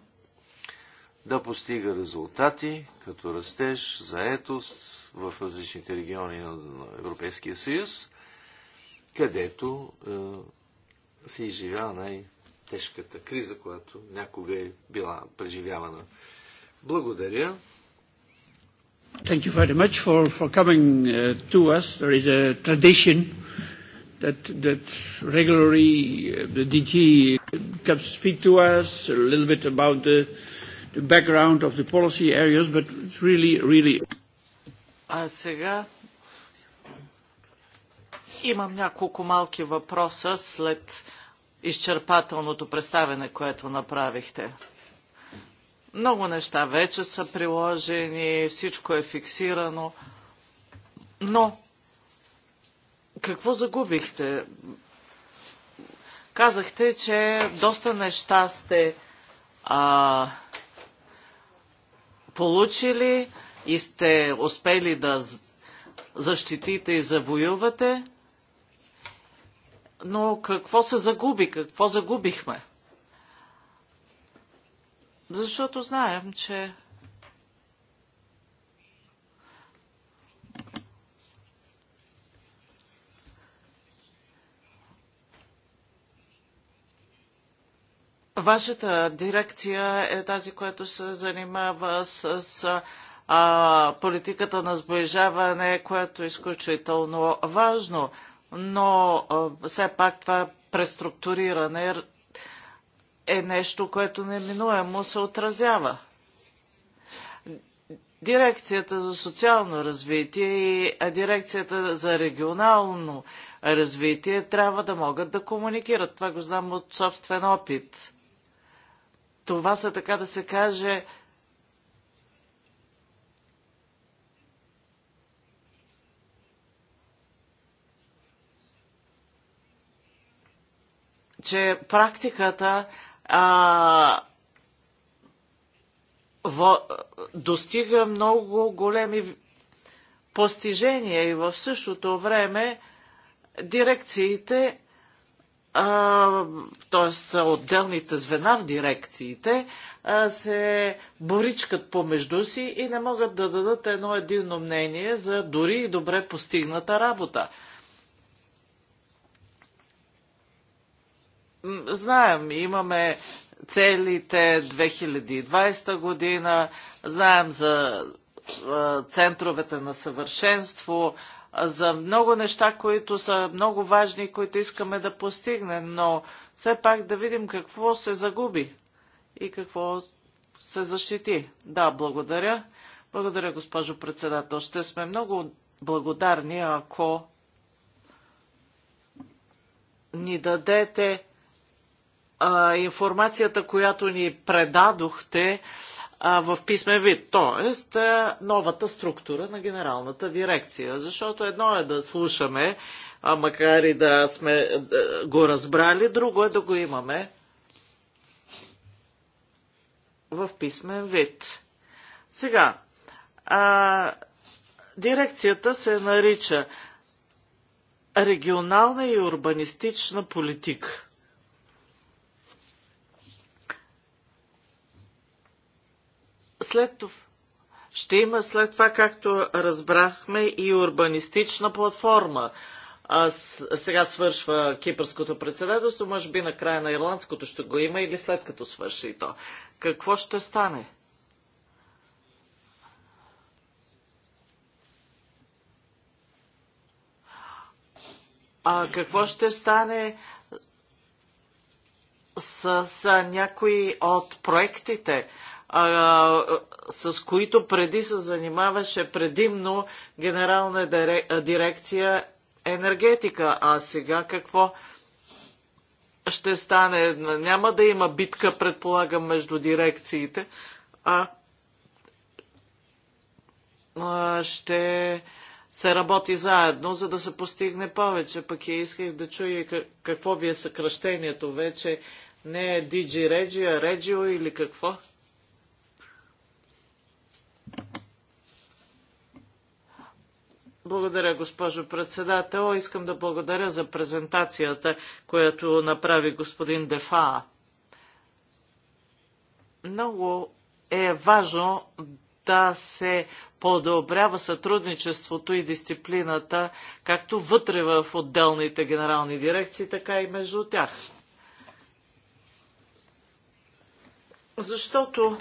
да постига резултати, като растеж, заетост в различните региони на Европейския съюз, където е, се изживява най-тежката криза, която някога е била преживявана. Благодаря. Thank you very much for, for coming uh, to us. There is a tradition that that regularly uh, the DG comes speak to us a little bit about the uh, the background of the policy areas, but it's really, really... А сега имам няколко малки въпроса след изчерпателното представене, което направихте. Много неща вече са приложени, всичко е фиксирано, но какво загубихте? Казахте, че доста неща сте а, получили и сте успели да защитите и завоювате, но какво се загуби, какво загубихме? Защото знаем, че Вашата дирекция е тази, която се занимава с, с а, политиката на сближаване, което е изключително важно, но а, все пак това преструктуриране е нещо, което неминуемо се отразява. Дирекцията за социално развитие и дирекцията за регионално развитие трябва да могат да комуникират. Това го знам от собствен опит. Това са, така да се каже, че практиката а, в, достига много големи постижения и в същото време дирекциите т.е. отделните звена в дирекциите, а, се боричкат помежду си и не могат да дадат едно единно мнение за дори и добре постигната работа. Знаем, имаме целите 2020 година, знаем за центровете на съвършенство, за много неща, които са много важни и които искаме да постигнем, но все пак да видим какво се загуби и какво се защити. Да, благодаря. Благодаря, госпожо председател. Ще сме много благодарни, ако ни дадете а, информацията, която ни предадохте а, в писмен вид, т.е. новата структура на генералната дирекция. Защото едно е да слушаме, а макар и да сме го разбрали, друго е да го имаме в писмен вид. Сега, а, дирекцията се нарича регионална и урбанистична политика. След това ще има след това, както разбрахме, и урбанистична платформа. А сега свършва кипърското председателство, може би на края на ирландското ще го има или след като свърши то. Какво ще стане? А какво ще стане с, с някои от проектите? а, с които преди се занимаваше предимно генерална дирекция енергетика. А сега какво ще стане? Няма да има битка, предполагам, между дирекциите, а, а ще се работи заедно, за да се постигне повече. Пък я исках да чуя какво ви е съкръщението вече. Не е DG Regio, Regio или какво? Благодаря, госпожо председател. Искам да благодаря за презентацията, която направи господин Дефа. Много е важно да се подобрява сътрудничеството и дисциплината, както вътре в отделните генерални дирекции, така и между тях. Защото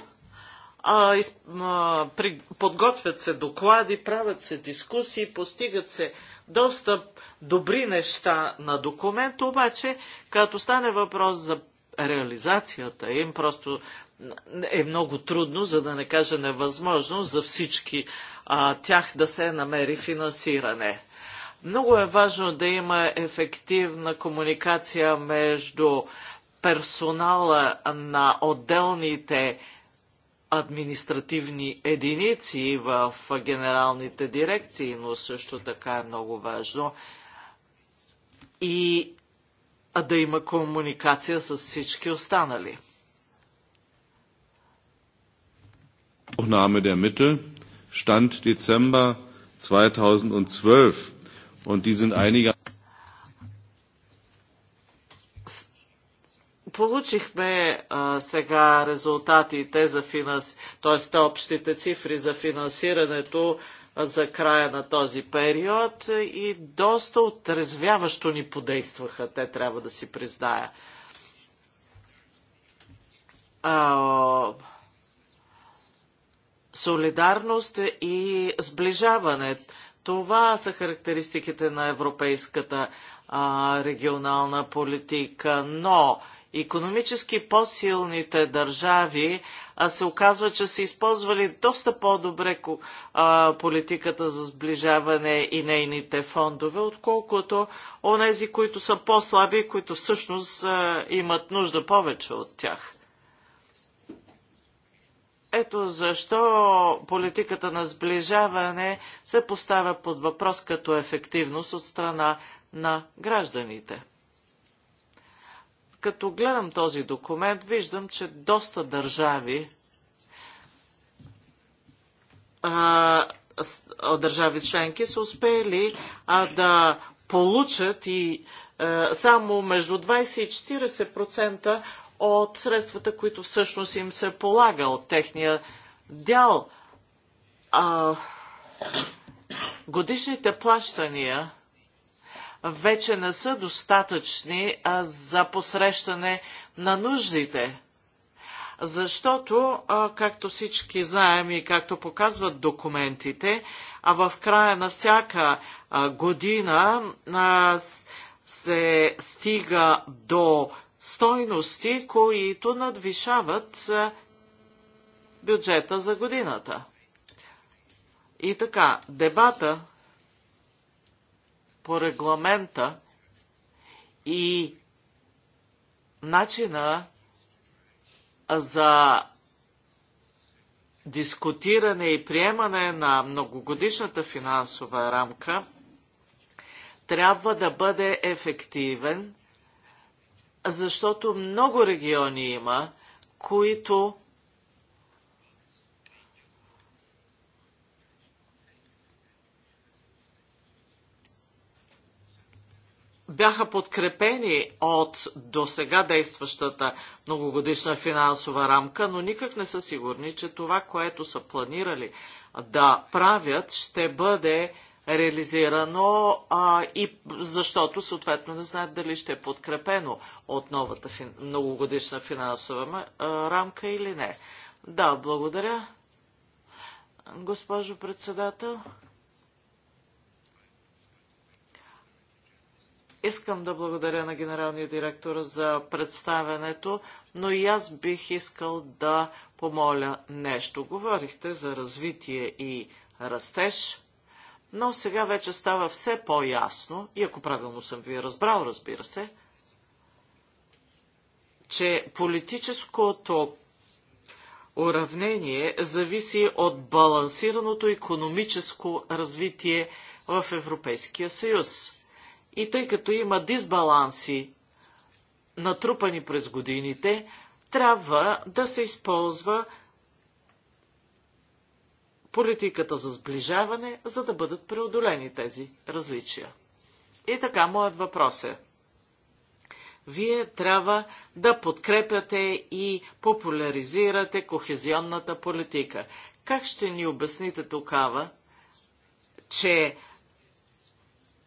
а, из, а, при, подготвят се доклади, правят се дискусии, постигат се доста добри неща на документ, обаче като стане въпрос за реализацията им, просто е много трудно, за да не кажа невъзможно, за всички а, тях да се намери финансиране. Много е важно да има ефективна комуникация между персонала на отделните административни единици в генералните дирекции, но също така е много важно и да има комуникация с всички останали. Aufnahme der Mittel stand Dezember 2012 und die sind einige Получихме а, сега резултатите за финанс... т.е. общите цифри за финансирането за края на този период и доста отрезвяващо ни подействаха, те трябва да си призная. А, солидарност и сближаване. Това са характеристиките на европейската а, регионална политика, но економически по-силните държави а се оказва, че са използвали доста по-добре политиката за сближаване и нейните фондове, отколкото онези, които са по-слаби и които всъщност а, имат нужда повече от тях. Ето защо политиката на сближаване се поставя под въпрос като ефективност от страна на гражданите. Като гледам този документ, виждам, че доста държави а, държави членки са успели а, да получат и а, само между 20 и 40% от средствата, които всъщност им се полага от техния дял. А, годишните плащания вече не са достатъчни а, за посрещане на нуждите. Защото, а, както всички знаем и както показват документите, а в края на всяка а, година се стига до стойности, които надвишават бюджета за годината. И така, дебата по регламента и начина за дискутиране и приемане на многогодишната финансова рамка трябва да бъде ефективен, защото много региони има, които бяха подкрепени от до сега действащата многогодишна финансова рамка, но никак не са сигурни, че това, което са планирали да правят, ще бъде реализирано а, и защото съответно не знаят дали ще е подкрепено от новата фин... многогодишна финансова а, рамка или не. Да, благодаря. Госпожо председател. Искам да благодаря на генералния директор за представенето, но и аз бих искал да помоля нещо. Говорихте за развитие и растеж, но сега вече става все по-ясно, и ако правилно съм ви разбрал, разбира се, че политическото уравнение зависи от балансираното економическо развитие в Европейския съюз. И тъй като има дисбаланси, натрупани през годините, трябва да се използва политиката за сближаване, за да бъдат преодолени тези различия. И така, моят въпрос е. Вие трябва да подкрепяте и популяризирате кохезионната политика. Как ще ни обясните тогава, че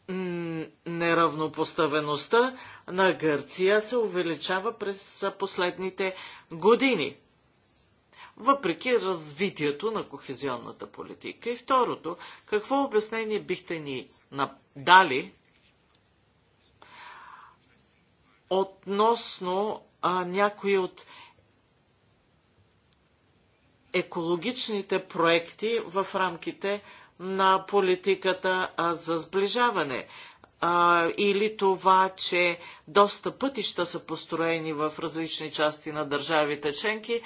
неравнопоставеността на Гърция се увеличава през последните години, въпреки развитието на кохезионната политика. И второто, какво обяснение бихте ни дали относно а, някои от екологичните проекти в рамките на политиката за сближаване или това, че доста пътища са построени в различни части на държавите членки,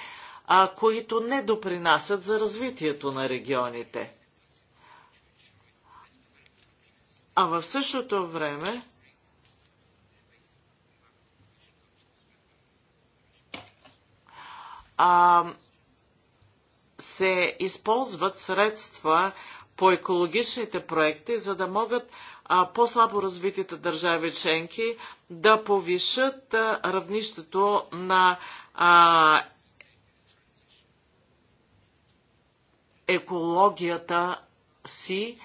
а които не допринасят за развитието на регионите. А в същото време а, се използват средства, по екологичните проекти, за да могат по-слабо развитите държави членки да повишат а, равнището на а, екологията си,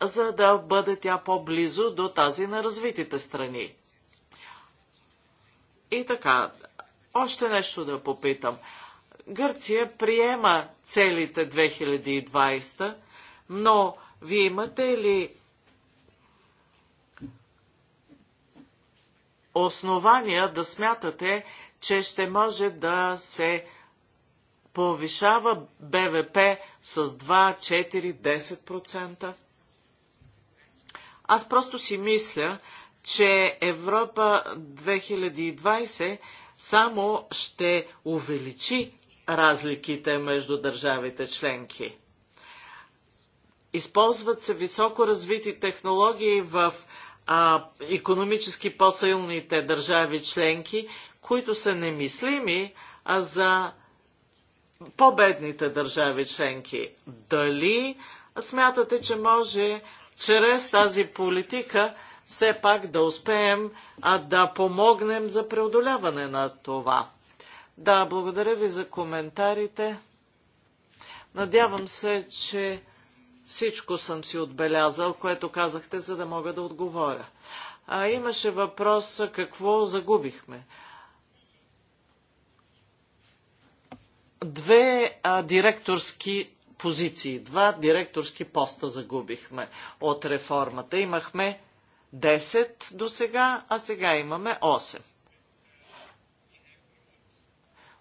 за да бъде тя по-близо до тази на развитите страни. И така, още нещо да попитам. Гърция приема целите 2020 но вие имате ли основания да смятате, че ще може да се повишава БВП с 2, 4, 10%? Аз просто си мисля, че Европа 2020 само ще увеличи разликите между държавите членки. Използват се високо развити технологии в а, економически по-силните държави членки, които са немислими а за по-бедните държави членки. Дали смятате, че може чрез тази политика все пак да успеем а да помогнем за преодоляване на това? Да, благодаря ви за коментарите. Надявам се, че всичко съм си отбелязал, което казахте, за да мога да отговоря. А имаше въпрос какво загубихме. Две а, директорски позиции, два директорски поста загубихме от реформата. Имахме 10 до сега, а сега имаме 8.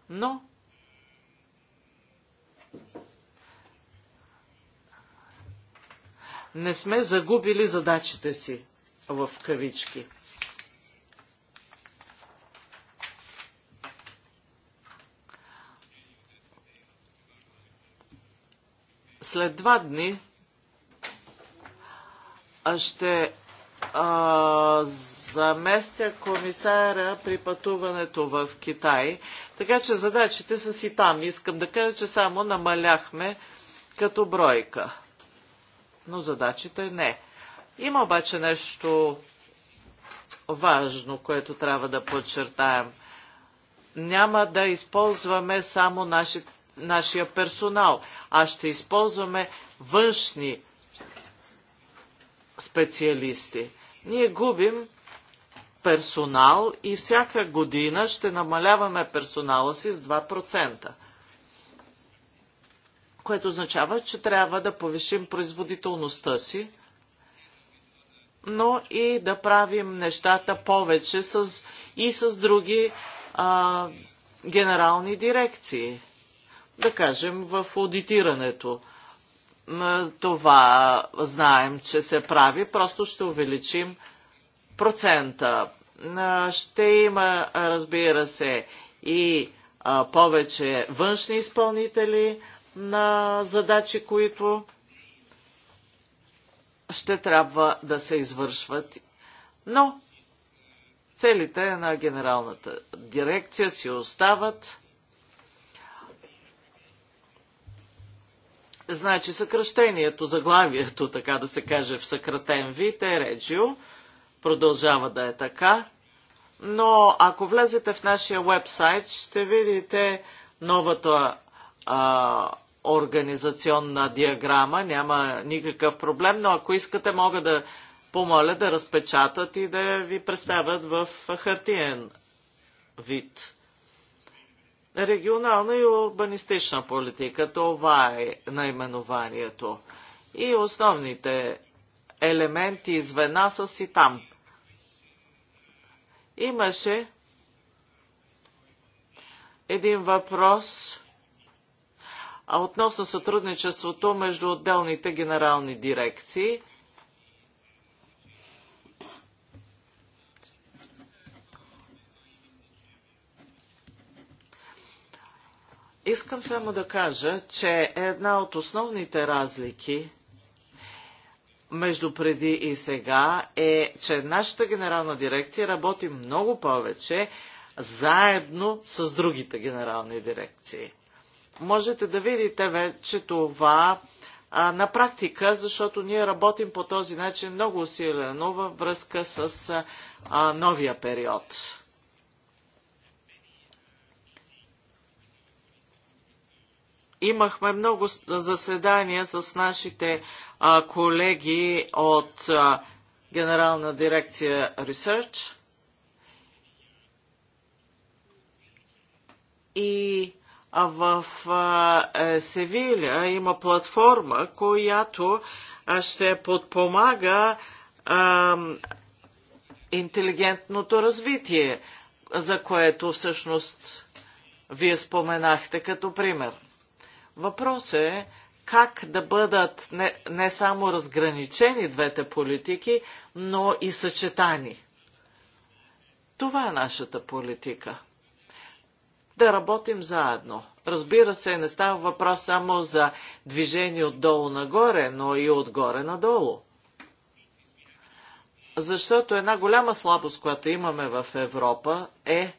Но не сме загубили задачите си в кавички. След два дни ще а, заместя комисара при пътуването в Китай. Така че задачите са си там. Искам да кажа, че само намаляхме като бройка но задачите не. Има обаче нещо важно, което трябва да подчертаем. Няма да използваме само наши, нашия персонал, а ще използваме външни специалисти. Ние губим персонал и всяка година ще намаляваме персонала си с 2% което означава, че трябва да повишим производителността си, но и да правим нещата повече с, и с други а, генерални дирекции. Да кажем, в аудитирането. Това знаем, че се прави, просто ще увеличим процента. Ще има, разбира се, и повече външни изпълнители, на задачи, които ще трябва да се извършват. Но целите на генералната дирекция си остават. Значи съкръщението, заглавието, така да се каже в съкратен вид е Реджио. Продължава да е така. Но ако влезете в нашия вебсайт, ще видите новата а, организационна диаграма, няма никакъв проблем, но ако искате, мога да помоля да разпечатат и да ви представят в хартиен вид. Регионална и урбанистична политика, това е наименованието. И основните елементи и звена са си там. Имаше един въпрос а относно сътрудничеството между отделните генерални дирекции, Искам само да кажа, че една от основните разлики между преди и сега е, че нашата генерална дирекция работи много повече заедно с другите генерални дирекции можете да видите вече това а, на практика, защото ние работим по този начин много усилено във връзка с а, новия период. Имахме много заседания с нашите а, колеги от а, Генерална дирекция Research и в е, Севиля има платформа, която ще подпомага а, интелигентното развитие, за което всъщност вие споменахте като пример. Въпрос е как да бъдат не, не само разграничени двете политики, но и съчетани. Това е нашата политика да работим заедно. Разбира се, не става въпрос само за движение отдолу нагоре, но и отгоре надолу. Защото една голяма слабост, която имаме в Европа е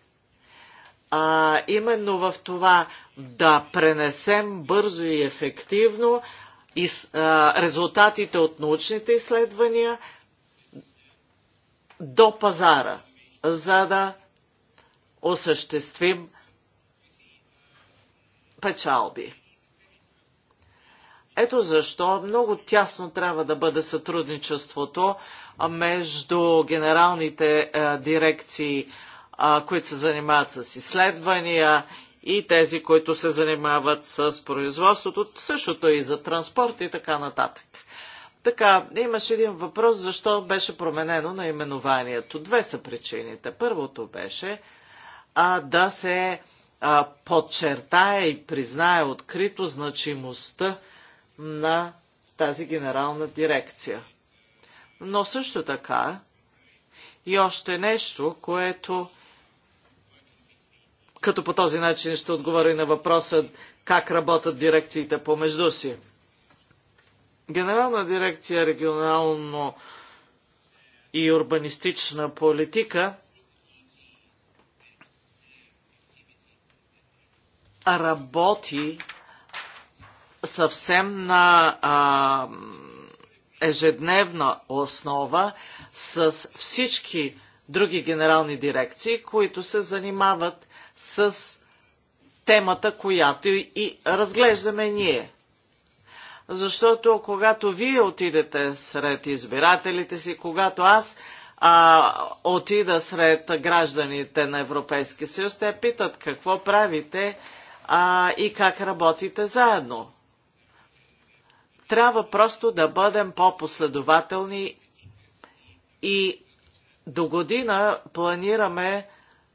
а, именно в това да пренесем бързо и ефективно из, а, резултатите от научните изследвания до пазара, за да осъществим печалби. Ето защо много тясно трябва да бъде сътрудничеството между генералните е, дирекции, които се занимават с изследвания и тези, които се занимават с производството, същото и за транспорт и така нататък. Така, имаше един въпрос, защо беше променено наименованието. Две са причините. Първото беше а, да се а, а, подчертая и призная открито значимостта на тази генерална дирекция. Но също така и още нещо, което като по този начин ще отговоря на въпроса как работят дирекциите помежду си. Генерална дирекция регионално и урбанистична политика – работи съвсем на а, ежедневна основа с всички други генерални дирекции, които се занимават с темата, която и разглеждаме ние. Защото когато вие отидете сред избирателите си, когато аз а, отида сред гражданите на Европейския съюз, те питат какво правите а, и как работите заедно. Трябва просто да бъдем по-последователни и до година планираме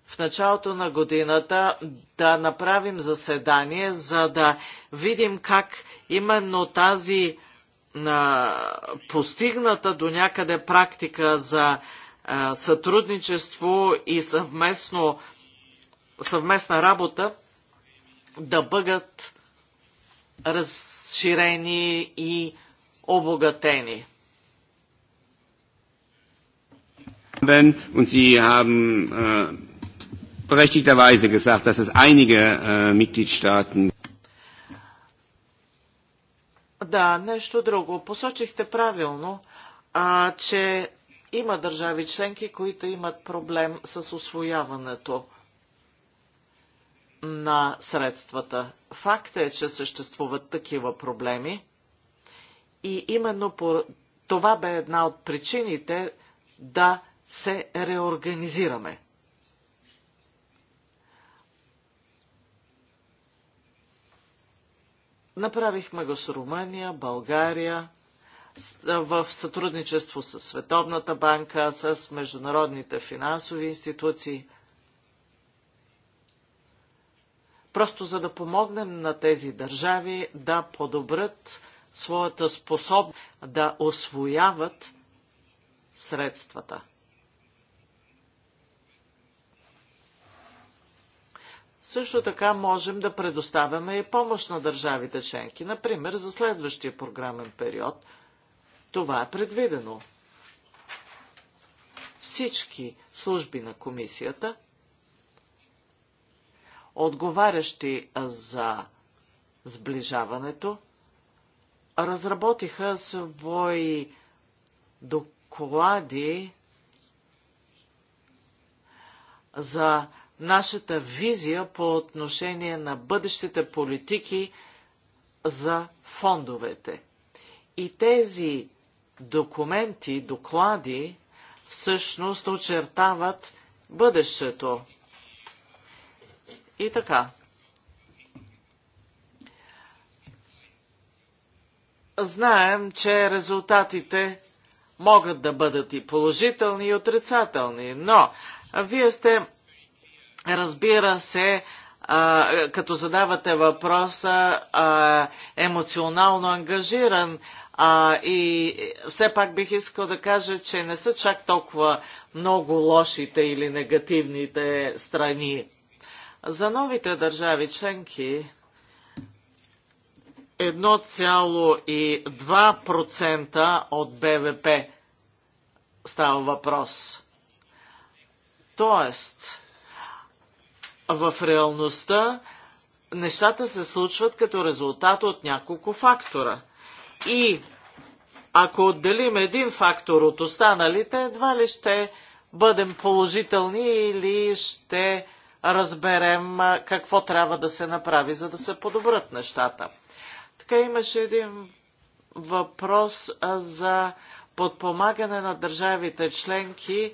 в началото на годината да направим заседание, за да видим как именно тази на постигната до някъде практика за а, сътрудничество и съвместно, съвместна работа да бъдат разширени и обогатени. Und Sie haben äh, berechtigterweise gesagt, dass es einige äh, Mitgliedstaaten. Да, нещо друго. Посочихте правилно, а, че има държави членки, които имат проблем с освояването на средствата. Факт е, че съществуват такива проблеми и именно по... това бе една от причините да се реорганизираме. Направихме го с Румъния, България, в сътрудничество с Световната банка, с международните финансови институции. просто за да помогнем на тези държави да подобрят своята способност да освояват средствата. Също така можем да предоставяме и помощ на държавите членки, например за следващия програмен период. Това е предвидено. Всички служби на комисията – отговарящи за сближаването, разработиха свои доклади за нашата визия по отношение на бъдещите политики за фондовете. И тези документи, доклади всъщност очертават бъдещето и така. Знаем, че резултатите могат да бъдат и положителни, и отрицателни, но вие сте, разбира се, а, като задавате въпроса, а, емоционално ангажиран а, и все пак бих искал да кажа, че не са чак толкова много лошите или негативните страни за новите държави членки 1,2% от БВП става въпрос. Тоест, в реалността нещата се случват като резултат от няколко фактора. И ако отделим един фактор от останалите, едва ли ще бъдем положителни или ще разберем какво трябва да се направи, за да се подобрат нещата. Така имаше един въпрос за подпомагане на държавите членки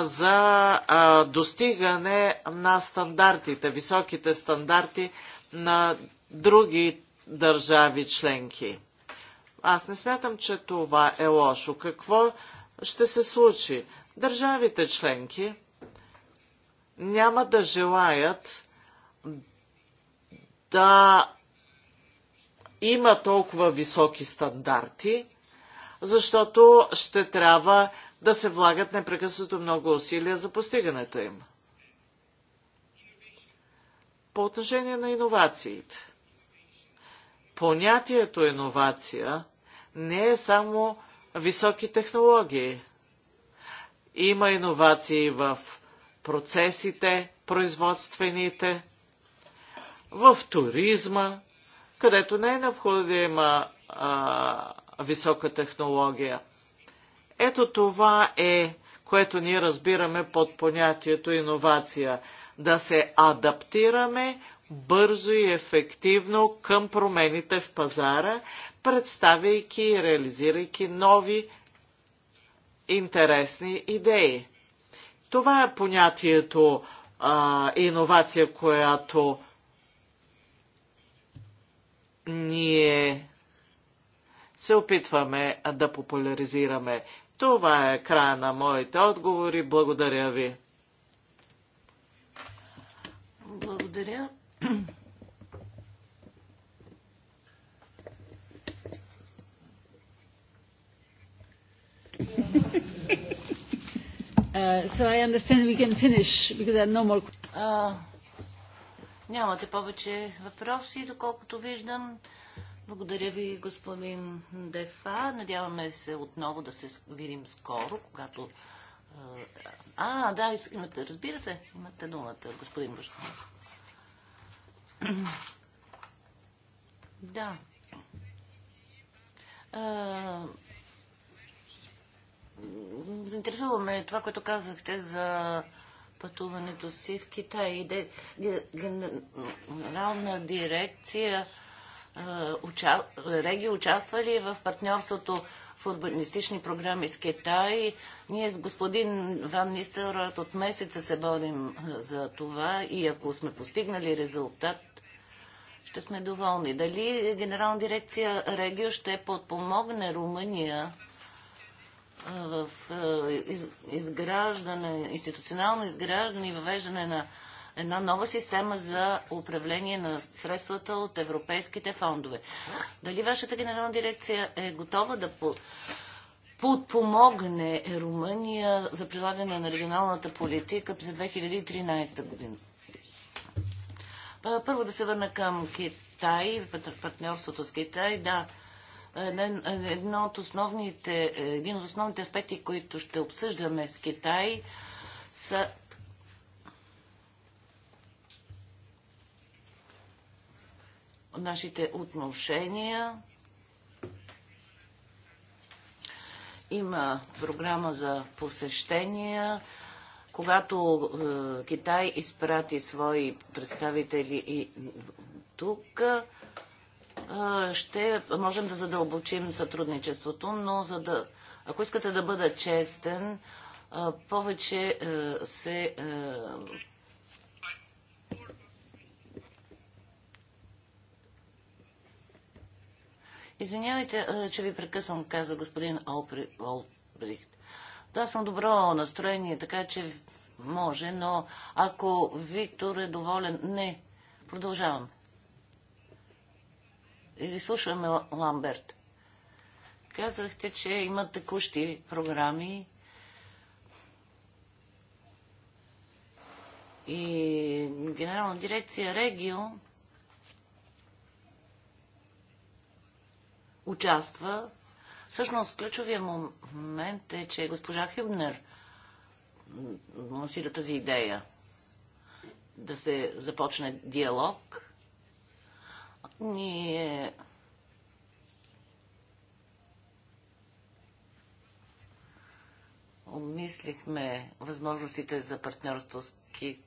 за достигане на стандартите, високите стандарти на други държави членки. Аз не смятам, че това е лошо. Какво ще се случи? Държавите членки няма да желаят да има толкова високи стандарти, защото ще трябва да се влагат непрекъснато много усилия за постигането им. По отношение на иновациите. Понятието иновация не е само високи технологии. Има иновации в процесите, производствените, в туризма, където не е необходима а, висока технология. Ето това е, което ние разбираме под понятието иновация. Да се адаптираме бързо и ефективно към промените в пазара, представяйки и реализирайки нови интересни идеи. Това е понятието а, иновация, която ние се опитваме да популяризираме. Това е края на моите отговори. Благодаря ви. Благодаря. Yeah. <laughs> Uh, so I understand we can finish because there are no more... нямате повече въпроси, доколкото виждам. Благодаря ви, господин Дефа. Надяваме се отново да се видим скоро, когато... А, да, имате, разбира се, имате думата, господин Бущан. <clears throat> Да заинтересуваме това, което казахте за пътуването си в Китай. Генерална дирекция е, уча... Реги участва ли в партньорството в урбанистични програми с Китай? Ние с господин Ван Нистер от месеца се борим е, за това и ако сме постигнали резултат, ще сме доволни. Дали Генерална дирекция Регио ще подпомогне Румъния в изграждане, институционално изграждане и въвеждане на една нова система за управление на средствата от европейските фондове. Дали вашата генерална дирекция е готова да подпомогне Румъния за прилагане на регионалната политика за 2013 година? Първо да се върна към Китай, партньорството с Китай. Да, Едно от основните, един от основните аспекти, които ще обсъждаме с Китай, са нашите отношения. Има програма за посещения. Когато е, Китай изпрати свои представители и тук, ще можем да задълбочим сътрудничеството, но за да, ако искате да бъда честен, повече се Извинявайте, че ви прекъсвам, каза господин Олбрихт. Да, съм добро настроение, така че може, но ако Виктор е доволен... Не, продължавам. Изслушваме Ламберт. Казахте, че има текущи програми и Генерална дирекция Регио участва. Всъщност, ключовия момент е, че госпожа Хюбнер лансира тази идея да се започне диалог ние обмислихме възможностите за партньорство с Ки...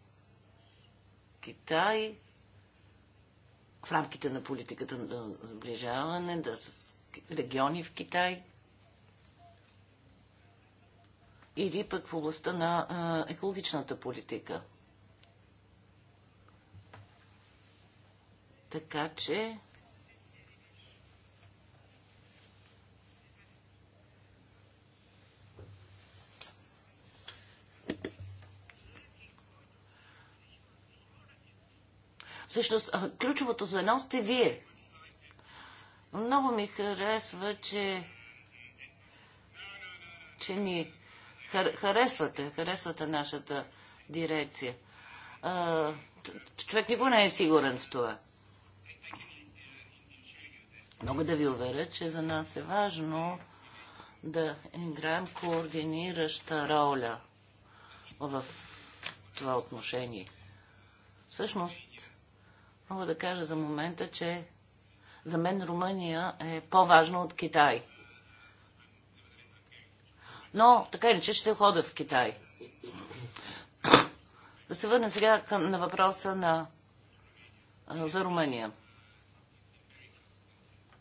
Китай в рамките на политиката на сближаване, да с региони в Китай или пък в областта на екологичната политика – Така че Всъщност, ключовото звено сте вие. Много ми харесва, че, че ни хар- харесвате, харесвате нашата дирекция. А, човек никога не е сигурен в това. Мога да ви уверя, че за нас е важно да играем координираща роля в това отношение. Всъщност, мога да кажа за момента, че за мен Румъния е по-важна от Китай. Но, така или че, ще хода в Китай. Да се върнем сега към, на въпроса на, за Румъния.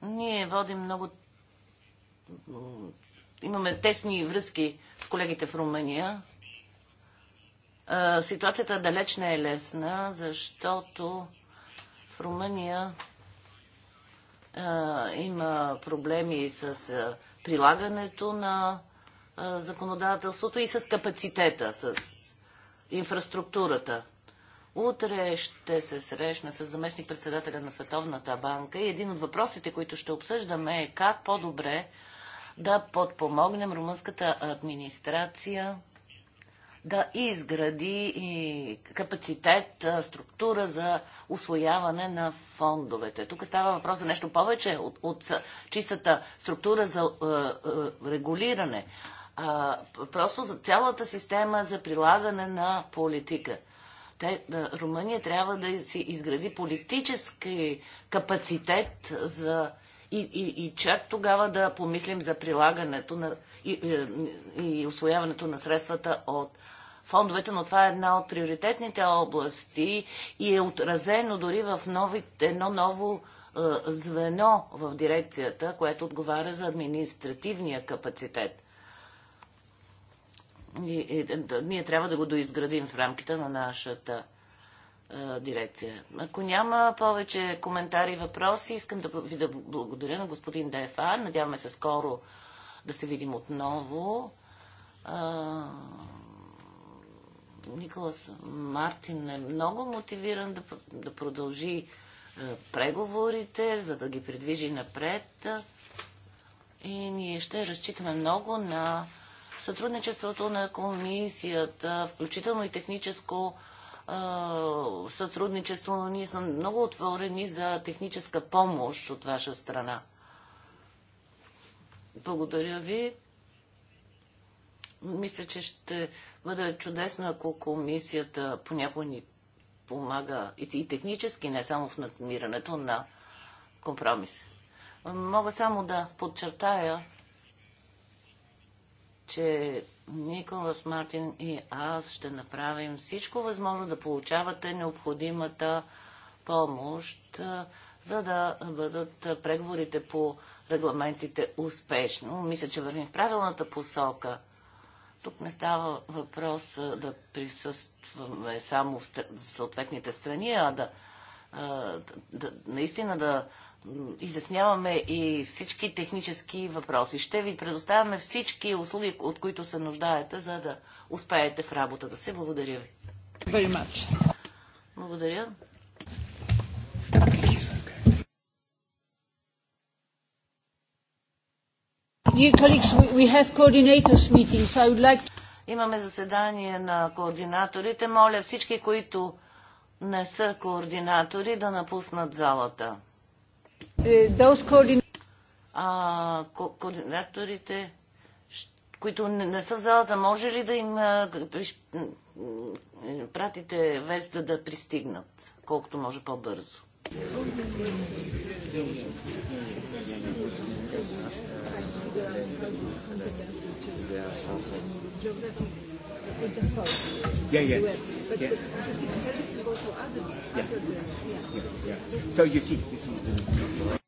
Ние водим много. Имаме тесни връзки с колегите в Румъния. Ситуацията далеч не е лесна, защото в Румъния има проблеми с прилагането на законодателството и с капацитета, с инфраструктурата. Утре ще се срещна с заместник-председателя на Световната банка и един от въпросите, които ще обсъждаме е как по-добре да подпомогнем румънската администрация да изгради и капацитет, структура за освояване на фондовете. Тук става въпрос за нещо повече от, от чистата структура за е, е, регулиране. А, просто за цялата система за прилагане на политика. Те, да, Румъния трябва да си изгради политически капацитет за и, и, и чак тогава да помислим за прилагането на, и, и, е, и освояването на средствата от фондовете, но това е една от приоритетните области и е отразено дори в нови, едно ново е, звено в дирекцията, което отговаря за административния капацитет. И, и, ние трябва да го доизградим в рамките на нашата а, дирекция. Ако няма повече коментари и въпроси, искам да ви да благодаря на господин ДФА. Надяваме се скоро да се видим отново. А, Николас Мартин е много мотивиран да, да продължи а, преговорите, за да ги придвижи напред. И ние ще разчитаме много на Сътрудничеството на комисията, включително и техническо сътрудничество, но ние сме много отворени за техническа помощ от ваша страна. Благодаря ви. Мисля, че ще бъде чудесно, ако комисията понякога ни помага и технически, не само в надмирането на компромис. Мога само да подчертая, че Николас Мартин и аз ще направим всичко възможно да получавате необходимата помощ, за да бъдат преговорите по регламентите успешно. Мисля, че вървим в правилната посока. Тук не става въпрос да присъстваме само в съответните страни, а да, да наистина да изясняваме и всички технически въпроси. Ще ви предоставяме всички услуги, от които се нуждаете, за да успеете в работата си. Благодаря ви. Благодаря. Имаме заседание на координаторите. Моля всички, които не са координатори, да напуснат залата. Е, а координаторите, които не са в залата, може ли да им пратите веста да пристигнат колкото може по-бързо? Добре, Yeah, yeah. But yeah. you tell it to go to other, yeah. other yeah. Yeah. yeah. So you see, this is.